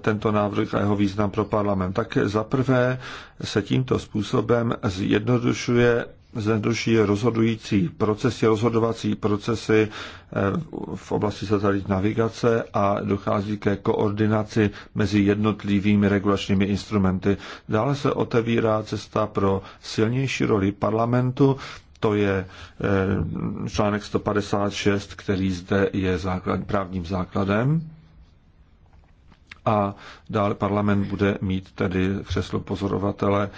B: tento návrh a jeho význam pro parlament. Tak za prvé se tímto způsobem zjednodušuje zjednoduší rozhodující procesy, rozhodovací procesy eh, v oblasti satelitní navigace a dochází ke koordinaci mezi jednotlivými regulačními instrumenty. Dále se otevírá cesta pro silnější roli parlamentu, to je eh, článek 156, který zde je základ, právním základem a dále parlament bude mít tedy křeslo pozorovatele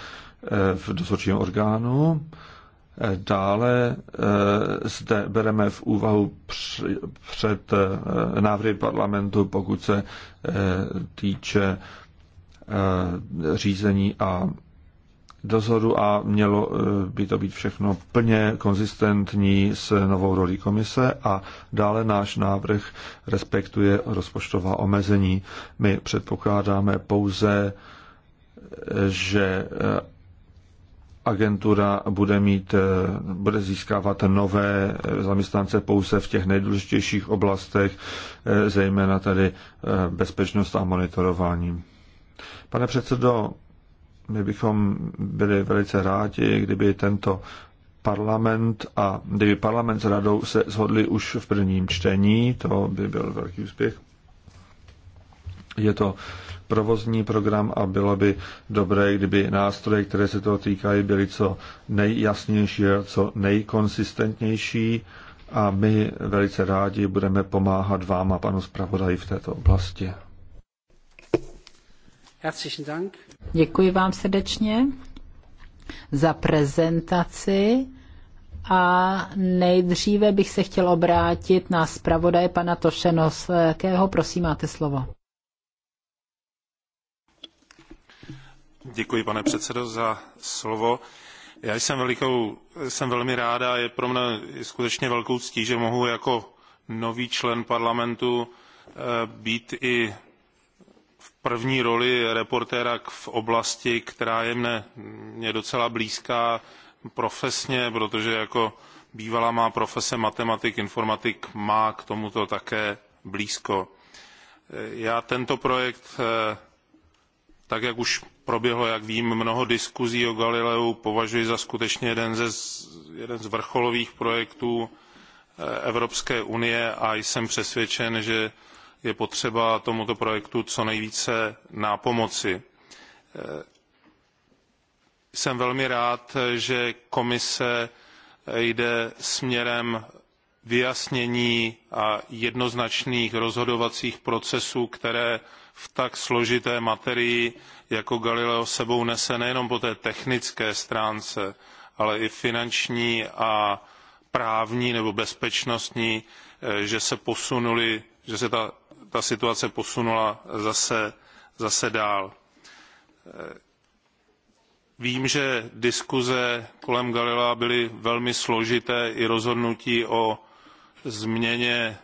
B: eh, v dozorčím orgánu. Eh, dále eh, zde bereme v úvahu před návrhy parlamentu, pokud se týče řízení a dozoru a mělo eh, by to být všechno plně konzistentní s novou rolí komise a dále náš návrh respektuje rozpočtová omezení. My předpokládáme pouze, eh, že eh, agentura bude mít, bude získávat nové zaměstnance pouze v těch nejdůležitějších oblastech, zejména tady bezpečnost a monitorování. Pane předsedo, my bychom byli velice rádi, kdyby tento parlament a kdyby parlament s radou se shodli už v prvním čtení, to by byl velký úspěch. Je to provozní program a bylo by dobré, kdyby nástroje, které se toho týkají, byly co nejjasnější a co nejkonsistentnější a my velice rádi budeme pomáhat vám a panu zpravodaji v této oblasti.
C: Děkuji vám srdečně za prezentaci a nejdříve bych se chtěl obrátit na zpravodaje pana Tošenovského. Prosím, máte slovo.
E: Děkuji, pane předsedo, za slovo. Já jsem, velikou, jsem velmi rád a je pro mne skutečně velkou ctí, že mohu jako nový člen parlamentu eh, být i první roli reportéra v oblasti, která je mne, mě docela blízká profesně, protože jako bývalá má profese matematik, informatik má k tomuto také blízko. Já tento projekt, eh, tak jak už proběhlo, jak vím, mnoho diskuzí o Galileu, považuji za skutečně jeden, ze, jeden z vrcholových projektů eh, Evropské unie a jsem přesvědčen, že je potřeba tomuto projektu co nejvíce nápomoci. E, jsem velmi rád, že komise jde směrem vyjasnění a jednoznačných rozhodovacích procesů, které v tak složité materii jako Galileo sebou nese nejenom po té technické stránce, ale i finanční a právní nebo bezpečnostní, e, že se posunuli, že se ta ta situace posunula zase, zase dál. E, vím, že diskuze kolem Galilea byly velmi složité i rozhodnutí o změně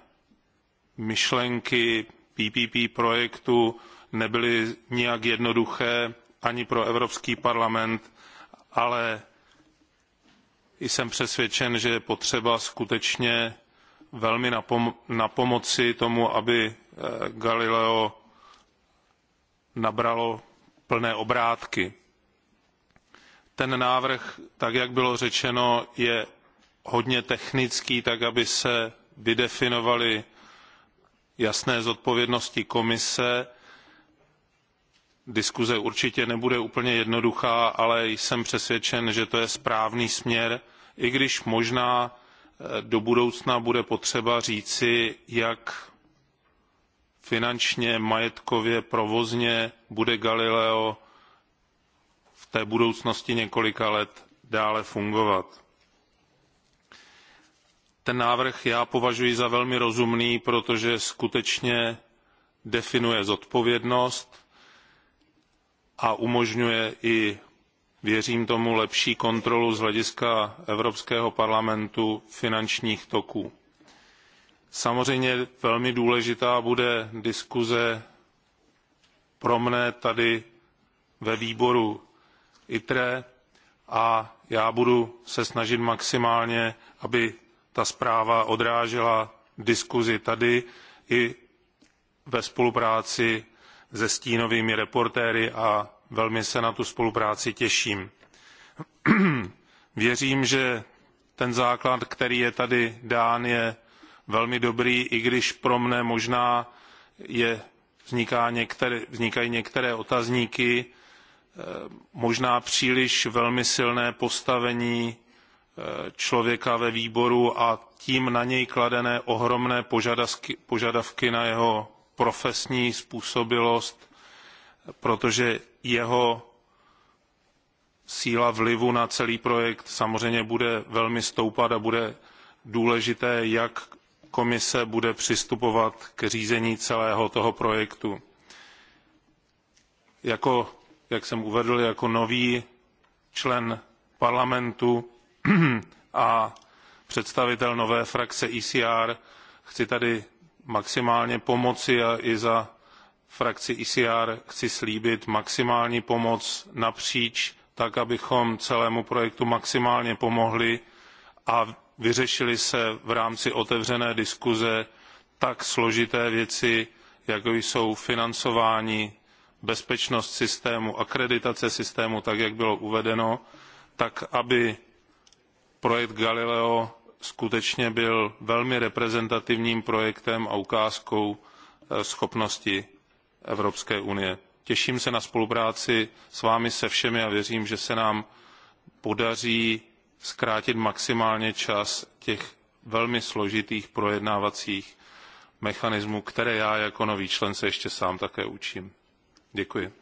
E: myšlenky PPP projektu nebyly nijak jednoduché ani pro Evropský parlament, ale jsem přesvědčen, že je potřeba skutečně velmi napomoci tomu, aby Eh, Galileo nabralo plné obrátky. Ten návrh, tak jak bylo řečeno, je hodně technický, tak aby se vydefinovaly jasné zodpovědnosti komise. Diskuze určitě nebude úplně jednoduchá, ale jsem přesvědčen, že to je správný směr, i když možná eh, do budoucna bude potřeba říci, jak finančně, majetkově, provozně bude Galileo v té budoucnosti několika let dále fungovat. Ten návrh já považuji za velmi rozumný, protože skutečně definuje zodpovědnost a umožňuje i, věřím tomu, lepší kontrolu z hlediska Evropského parlamentu finančních toků Samozřejmě velmi důležitá bude diskuze pro mne tady ve výboru ITRE a já budu se snažit maximálně, aby ta zpráva odrážela diskuzi tady i ve spolupráci se stínovými reportéry a velmi se na tu spolupráci těším. Věřím, že ten základ, který je tady dán, je velmi dobrý, i když pro mne možná je, vzniká některé, vznikají některé otazníky, eh, možná příliš velmi silné postavení eh, člověka ve výboru a tím na něj kladené ohromné požadavky, požadavky na jeho profesní způsobilost, protože jeho síla vlivu na celý projekt samozřejmě bude velmi stoupat a bude důležité, jak komise bude přistupovat k řízení celého toho projektu. Jako, jak jsem uvedl, jako nový člen parlamentu a představitel nové frakce ECR chci tady maximálně pomoci a i za frakci ecr chci slíbit maximální pomoc napříč tak abychom celému projektu maximálně pomohli a vyřešily se v rámci otevřené diskuze tak složité věci, jako jsou financování, bezpečnost systému, akreditace systému, tak jak bylo uvedeno, tak aby projekt Galileo skutečně byl velmi reprezentativním projektem a ukázkou eh, schopnosti Evropské unie. Těším se na spolupráci s vámi se všemi a věřím, že se nám podaří zkrátit maximálně čas těch velmi složitých projednávacích mechanismů, které já jako nový člen se ještě sám také učím. Děkuji.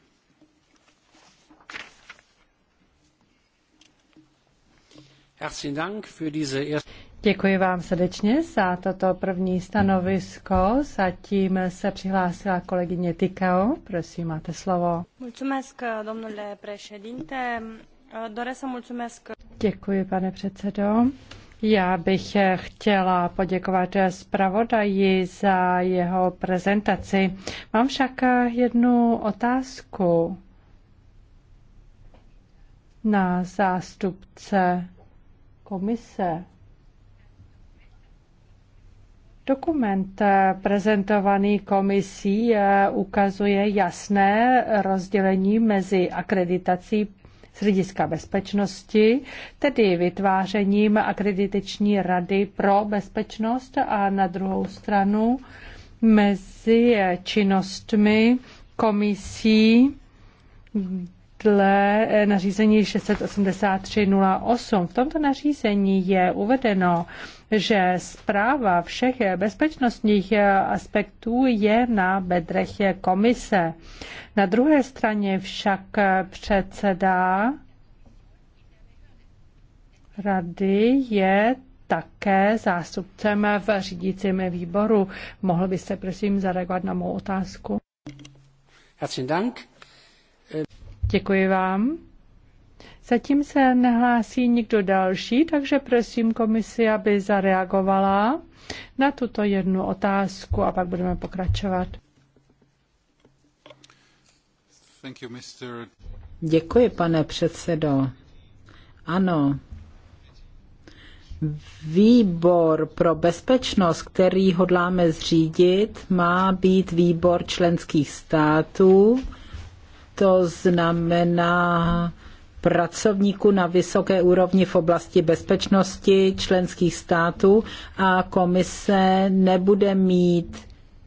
A: Děkuji vám srdečně za toto první stanovisko. Zatím se přihlásila kolegyně Tikao. Prosím, máte slovo. Mulțumesc, domnule președinte mulțumesc. Děkuji, pane předsedo. Já bych chtěla poděkovat zpravodaji za jeho prezentaci. Mám však jednu otázku na zástupce komise. Dokument prezentovaný komisí ukazuje jasné rozdělení mezi akreditací z hlediska bezpečnosti, tedy vytvářením akreditační rady pro bezpečnost a na druhou stranu mezi činnostmi komisí dle nařízení 683.08. V tomto nařízení je uvedeno, že zpráva všech bezpečnostních aspektů je na bedrech komise. Na druhé straně však předseda rady je také zástupcem v řídícím výboru. Mohl byste prosím zareagovat na mou otázku? Děkuji vám. Zatím se nehlásí nikdo další, takže prosím komisi, aby zareagovala na tuto jednu
C: otázku a pak budeme pokračovat. Děkuji, pane předsedo. Ano, Výbor pro bezpečnost, který hodláme zřídit, má být výbor členských států. To znamená pracovníků na vysoké úrovni v oblasti bezpečnosti členských států a komise nebude mít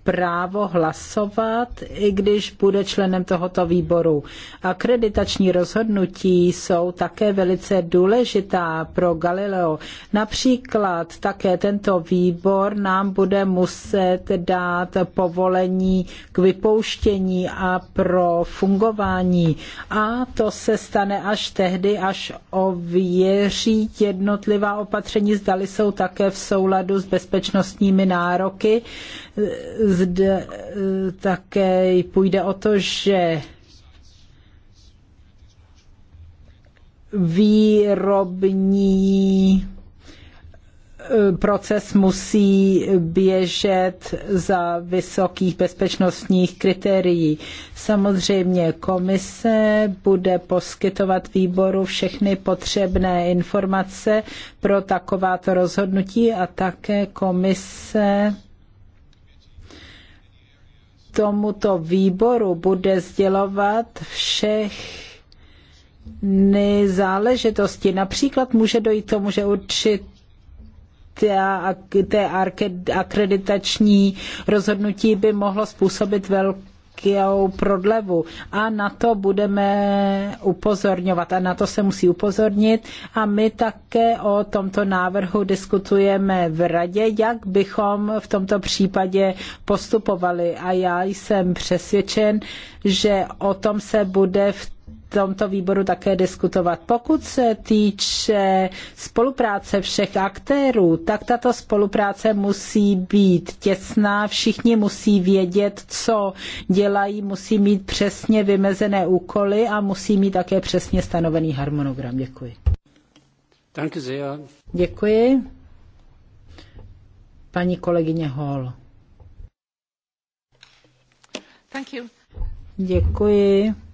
C: právo hlasovat, i když bude členem tohoto výboru. Akreditační rozhodnutí jsou také velice důležitá pro Galileo. Například také tento výbor nám bude muset dát povolení k vypouštění a pro fungování. A to se stane až tehdy, až ověří jednotlivá opatření, zdali jsou také v souladu s bezpečnostními nároky zde eh, také půjde o to, že výrobní eh, proces musí běžet za vysokých bezpečnostních kritérií. Samozřejmě komise bude poskytovat výboru všechny potřebné informace pro takováto rozhodnutí a také komise tomuto výboru bude sdělovat všech záležitosti. Například může dojít k tomu, že určitě té akreditační rozhodnutí by mohlo způsobit velkou nějakou prodlevu a na to budeme upozorňovat a na to se musí upozornit a my také o tomto návrhu diskutujeme v radě, jak bychom v tomto případě postupovali a já jsem přesvědčen, že o tom se bude v tomto výboru také diskutovat. Pokud se týče spolupráce všech aktérů, tak tato spolupráce musí být těsná, všichni musí vědět, co dělají, musí mít přesně vymezené úkoly a musí mít také přesně stanovený harmonogram. Děkuji. Děkuji. Paní kolegyně Hall. Děkuji.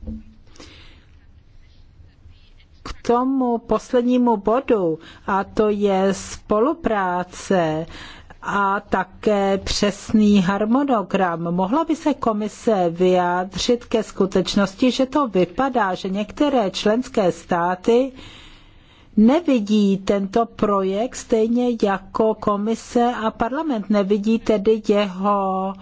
C: tomu poslednímu bodu, a to je spolupráce a také přesný harmonogram. Mohla by se komise vyjádřit ke skutečnosti, že to vypadá, že některé členské státy nevidí tento projekt stejně jako komise a parlament nevidí tedy jeho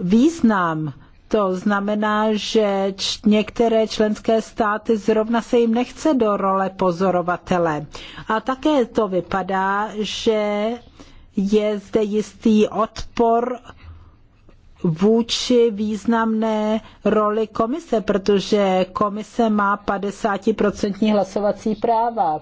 C: význam to znamená, že některé členské státy zrovna se jim nechce do role pozorovatele. A také to vypadá, že je zde jistý odpor vůči významné roli komise, protože komise má 50% hlasovací práva.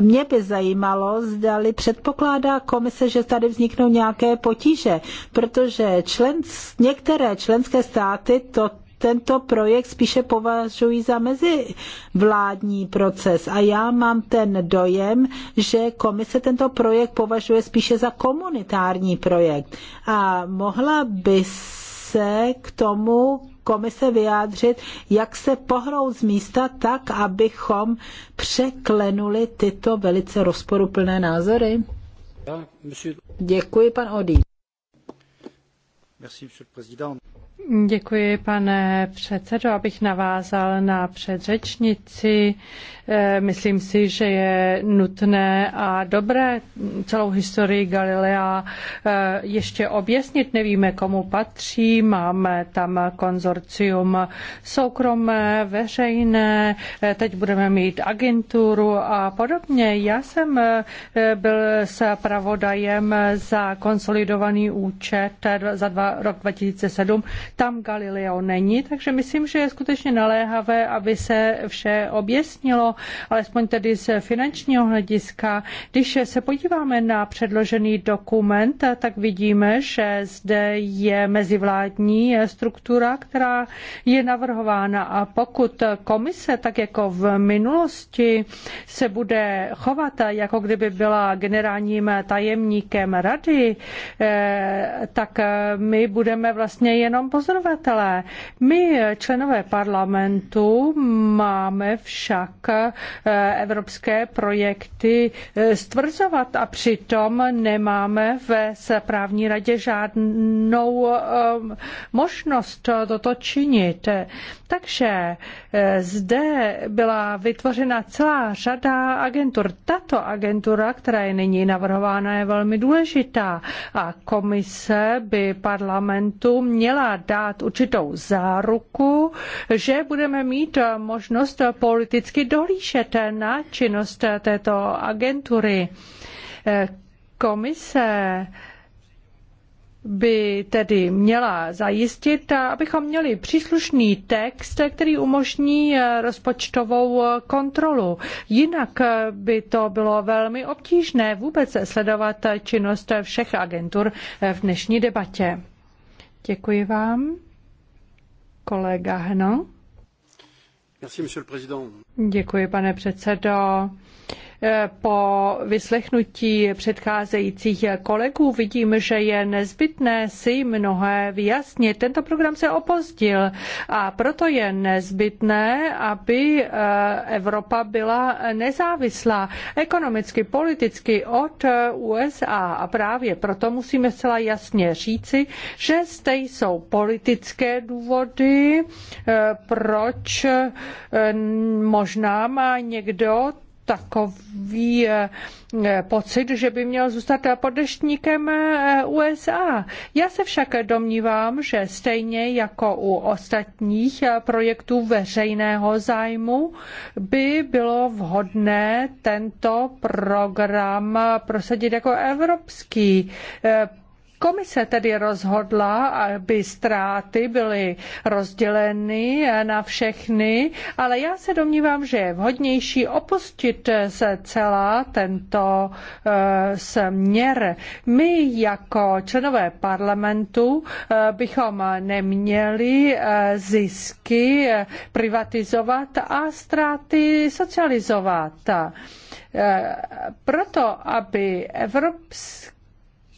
C: Mě by zajímalo, zdali předpokládá komise, že tady vzniknou nějaké potíže, protože člen, některé členské státy to tento projekt spíše považují za mezivládní proces a já mám ten dojem, že komise tento projekt považuje spíše za komunitární projekt. A mohla by se k tomu komise vyjádřit, jak se pohrou z místa tak, abychom překlenuli tyto velice rozporuplné názory? Děkuji, pan Odí. Děkuji, pane předsedo. Abych
A: navázal na předřečnici, eh, myslím si, že je nutné a dobré celou historii Galilea eh, ještě objasnit. Nevíme, komu patří. Máme tam konzorcium soukromé, veřejné, eh, teď budeme mít agenturu a podobně. Já jsem byl s pravodajem za konsolidovaný účet za dva, rok 2007 tam Galileo není, takže myslím, že je skutečně naléhavé, aby se vše objasnilo, alespoň tedy z finančního hlediska. Když se podíváme na předložený dokument, tak vidíme, že zde je mezivládní struktura, která je navrhována a pokud komise, tak jako v minulosti, se bude chovat, jako kdyby byla generálním tajemníkem rady, eh, tak my budeme vlastně jenom pozorovatelé. My, členové parlamentu, máme však eh, evropské projekty eh, stvrzovat a přitom nemáme ve správní radě žádnou eh, možnost toto činit. Takže zde byla vytvořena celá řada agentur. Tato agentura, která je nyní navrhována, je velmi důležitá a komise by parlamentu měla dát určitou záruku, že budeme mít možnost politicky dohlížet na činnost této agentury. Komise by tedy měla zajistit, abychom měli příslušný text, který umožní rozpočtovou kontrolu. Jinak by to bylo velmi obtížné vůbec sledovat činnost všech agentur v dnešní debatě. Děkuji vám. Kolega Hno. Děkuji, pane předsedo. Eh, po vyslechnutí předcházejících kolegů vidím, že je nezbytné si mnohé vyjasnit. Tento program se opozdil a proto je nezbytné, aby eh, Evropa byla nezávislá ekonomicky, politicky od eh, USA a právě proto musíme zcela jasně říci, že zde jsou politické důvody, proč možná má někdo takový eh, eh, pocit, že by měl zůstat deštníkem eh, USA. Já se však domnívám, že stejně jako u ostatních projektů veřejného zájmu by bylo vhodné tento program prosadit jako evropský Komise tedy rozhodla, aby ztráty byly rozděleny na všechny, ale já se domnívám, že je vhodnější opustit se celá tento eh, směr. My jako členové parlamentu eh, bychom neměli eh, zisky privatizovat a ztráty socializovat. Proto, aby Evropská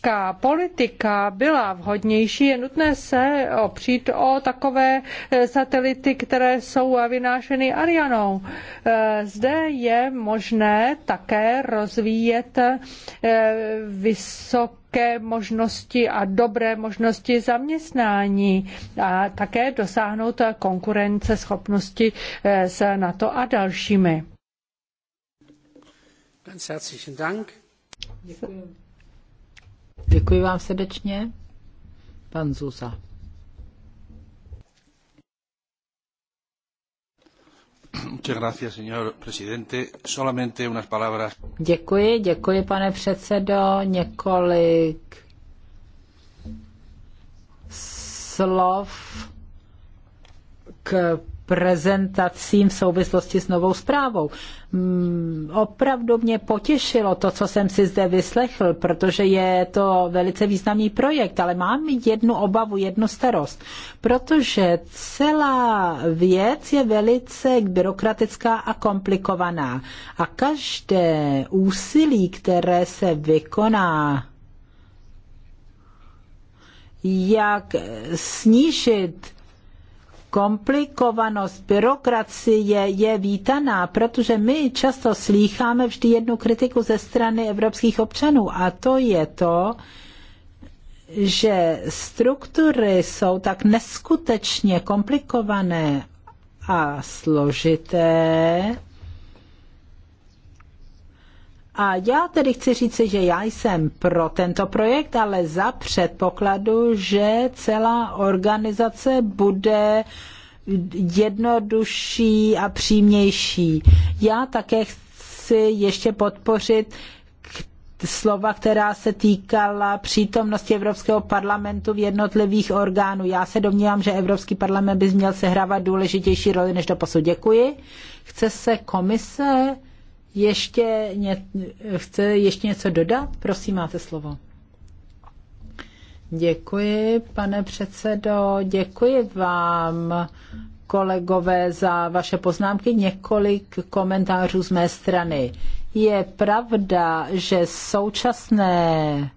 A: nějaká politika byla vhodnější, je nutné se opřít o takové eh, satelity, které jsou vynášeny Arianou. Eh, zde je možné také rozvíjet eh, vysoké možnosti a dobré možnosti zaměstnání a také dosáhnout konkurenceschopnosti s NATO a dalšími. Ganz herzlichen Dank. Děkuji.
C: Děkuji vám srdečně. Pan Zusa. Děkuji, děkuji, pane předsedo. Několik slov k prezentacím v souvislosti s novou zprávou. Mm, opravdu mě potěšilo to, co jsem si zde vyslechl, protože je to velice významný projekt, ale mám jednu obavu, jednu starost, protože celá věc je velice byrokratická a komplikovaná a každé úsilí, které se vykoná, jak snížit komplikovanost byrokracie je vítaná, protože my často slýcháme vždy jednu kritiku ze strany evropských občanů a to je to, že struktury jsou tak neskutečně komplikované a složité, a já tedy chci říci, že já jsem pro tento projekt, ale za předpokladu, že celá organizace bude jednodušší a přímější. Já také chci ještě podpořit slova, která se týkala přítomnosti Evropského parlamentu v jednotlivých orgánů. Já se domnívám, že Evropský parlament by měl sehrávat důležitější roli než posud. Děkuji. Chce se komise ještě ně, chce ještě něco dodat? Prosím, máte slovo. Děkuji, pane předsedo, děkuji vám, kolegové, za vaše poznámky. Několik komentářů z mé strany. Je pravda, že současné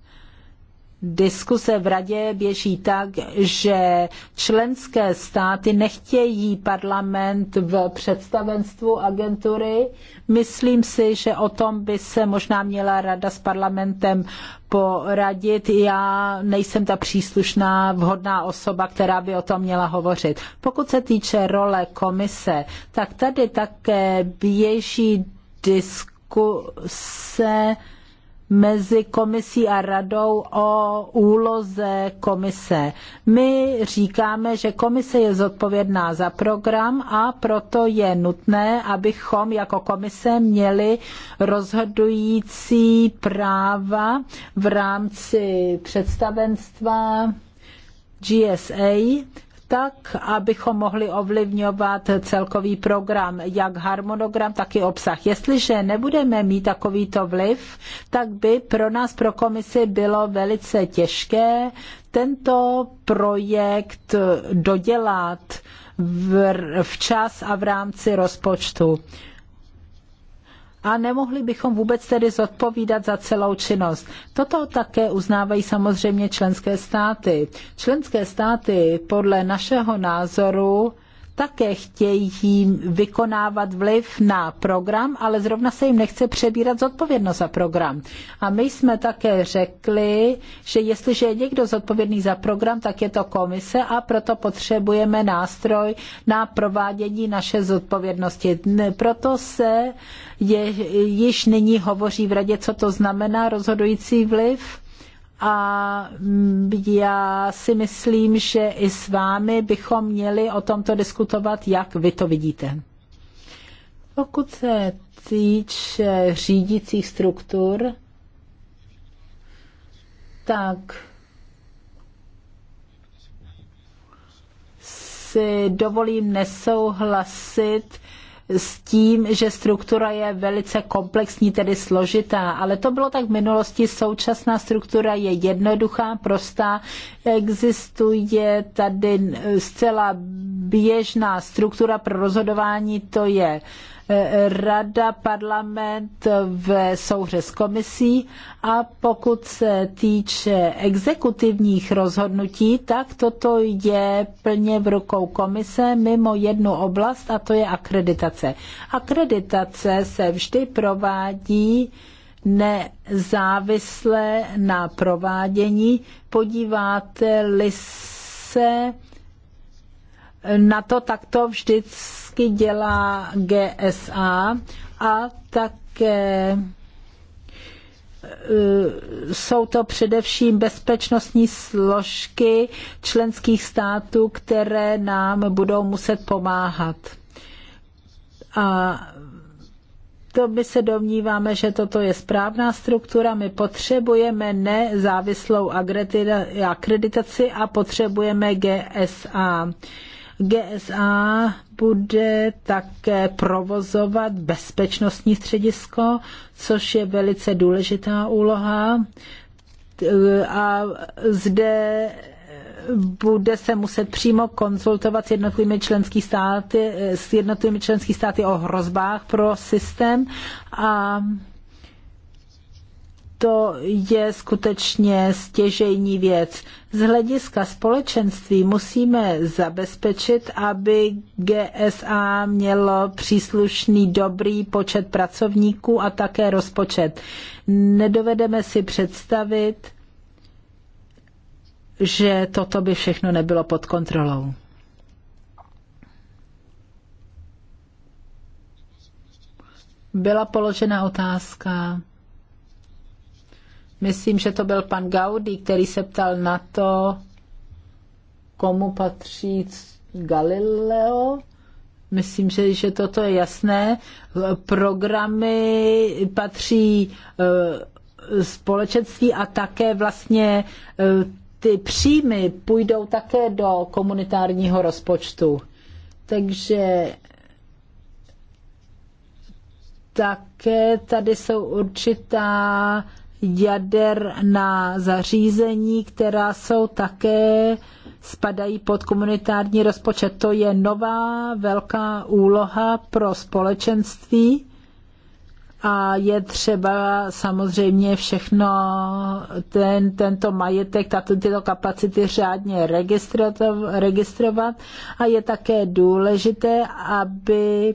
C: diskuse v radě běží tak, že členské státy nechtějí parlament v představenstvu agentury. Myslím si, že o tom by se možná měla rada s parlamentem poradit. Já nejsem ta příslušná vhodná osoba, která by o tom měla hovořit. Pokud se týče role komise, tak tady také běží diskuse mezi komisí a radou o úloze komise. My říkáme, že komise je zodpovědná za program a proto je nutné, abychom jako komise měli rozhodující práva v rámci představenstva GSA tak, abychom mohli ovlivňovat celkový program, jak harmonogram, tak i obsah. Jestliže nebudeme mít takovýto vliv, tak by pro nás, pro komisi, bylo velice těžké tento projekt dodělat včas a v rámci rozpočtu a nemohli bychom vůbec tedy zodpovídat za celou činnost. Toto také uznávají samozřejmě členské státy. Členské státy podle našeho názoru také chtějí vykonávat vliv na program, ale zrovna se jim nechce přebírat zodpovědnost za program. A my jsme také řekli, že jestliže je někdo zodpovědný za program, tak je to komise a proto potřebujeme nástroj na provádění naše zodpovědnosti. Proto se je, již nyní hovoří v radě, co to znamená rozhodující vliv a já si myslím, že i s vámi bychom měli o tomto diskutovat, jak vy to vidíte. Pokud se týče řídících struktur, tak si dovolím nesouhlasit s tím, že struktura je velice komplexní, tedy složitá, ale to bylo tak v minulosti. Současná struktura je jednoduchá, prostá, existuje tady zcela běžná struktura pro rozhodování, to je uh, rada, parlament v souhře s komisí a pokud se týče exekutivních rozhodnutí, tak toto je plně v rukou komise mimo jednu oblast a to je akreditace. Akreditace se vždy provádí nezávisle na provádění. Podíváte-li se na to takto vždycky dělá GSA a také e, jsou to především bezpečnostní složky členských států, které nám budou muset pomáhat. A to my se domníváme, že toto je správná struktura. My potřebujeme nezávislou akreditaci a potřebujeme GSA. GSA bude také provozovat bezpečnostní středisko, což je velice důležitá úloha. A zde bude se muset přímo konzultovat s jednotlivými členskými státy, s jednotlivými členskými státy o hrozbách pro systém a to je skutečně stěžejní věc. Z hlediska společenství musíme zabezpečit, aby GSA mělo příslušný dobrý počet pracovníků a také rozpočet. Nedovedeme si představit, že toto by všechno nebylo pod kontrolou. Byla položena otázka Myslím, že to byl pan Gaudí, který se ptal na to, komu patří Galileo. Myslím, že, že toto je jasné. Programy patří eh, společenství a také vlastně eh, ty příjmy půjdou také do komunitárního rozpočtu. Takže také tady jsou určitá jaderná zařízení, která jsou také spadají pod komunitární rozpočet. To je nová velká úloha pro společenství a je třeba samozřejmě všechno ten, tento majetek, tato, tyto kapacity řádně registrovat a je také důležité, aby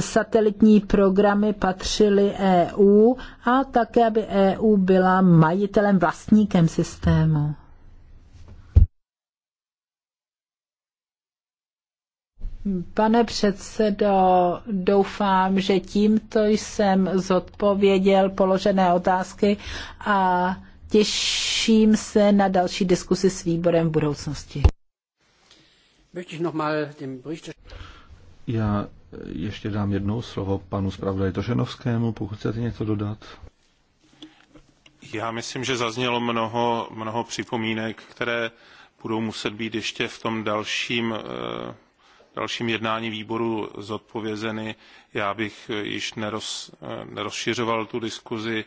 C: satelitní programy patřily EU a také, aby EU byla majitelem, vlastníkem systému. Pane předsedo, doufám, že tímto jsem zodpověděl položené otázky a těším se na další diskusi s výborem v budoucnosti.
B: Já ještě dám jednou slovo panu zpravodaji Tošenovskému, pokud chcete něco dodat.
E: Já myslím, že zaznělo mnoho, mnoho připomínek, které budou muset být ještě v tom dalším, eh, dalším jednání výboru zodpovězeny. Já bych eh, již neroz, eh, nerozšiřoval tu diskuzi.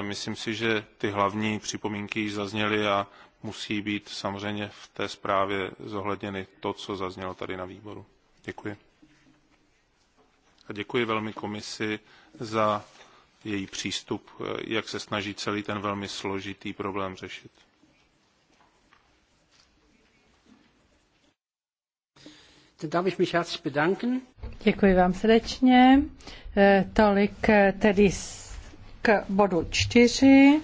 E: Myslím si, že ty hlavní připomínky již zazněly a musí být samozřejmě v té zprávě zohledněny to, co zaznělo tady na výboru. Děkuji a děkuji velmi komisi za její přístup, jak se snaží celý ten velmi složitý problém řešit.
A: Děkuji vám srdečně. Eh, tolik eh, tedy k bodu čtyři.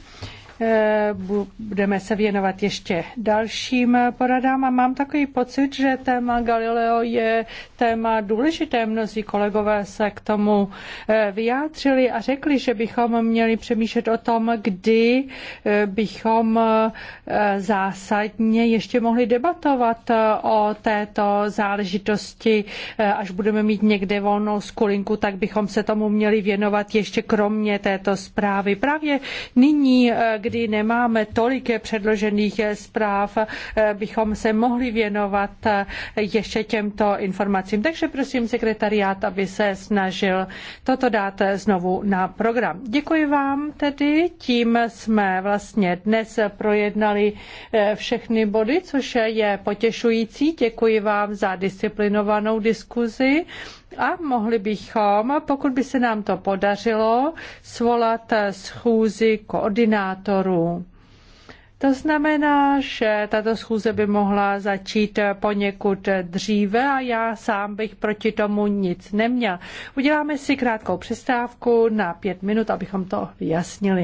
A: Eh, budeme se věnovat ještě dalším poradám a mám takový pocit, že téma Galileo je téma důležité. Mnozí kolegové se k tomu eh, vyjádřili a řekli, že bychom měli přemýšlet o tom, kdy eh, bychom zásadně ještě mohli debatovat o této záležitosti. Až budeme mít někde volnou skulinku, tak bychom se tomu měli věnovat ještě kromě této zprávy. Právě nyní kdy nemáme tolik předložených zpráv, eh, bychom se mohli věnovat eh, ještě těmto informacím. Takže prosím sekretariát, aby se snažil toto dát eh, znovu na program. Děkuji vám tedy. Tím jsme vlastně dnes projednali všechny body, což je potěšující. Děkuji vám za disciplinovanou diskuzi a mohli bychom, pokud by se nám to podařilo, svolat schůzi koordinátorů. To znamená, že tato schůze by mohla začít poněkud dříve a já sám bych proti tomu nic neměl. Uděláme si krátkou přestávku na pět minut, abychom to vyjasnili.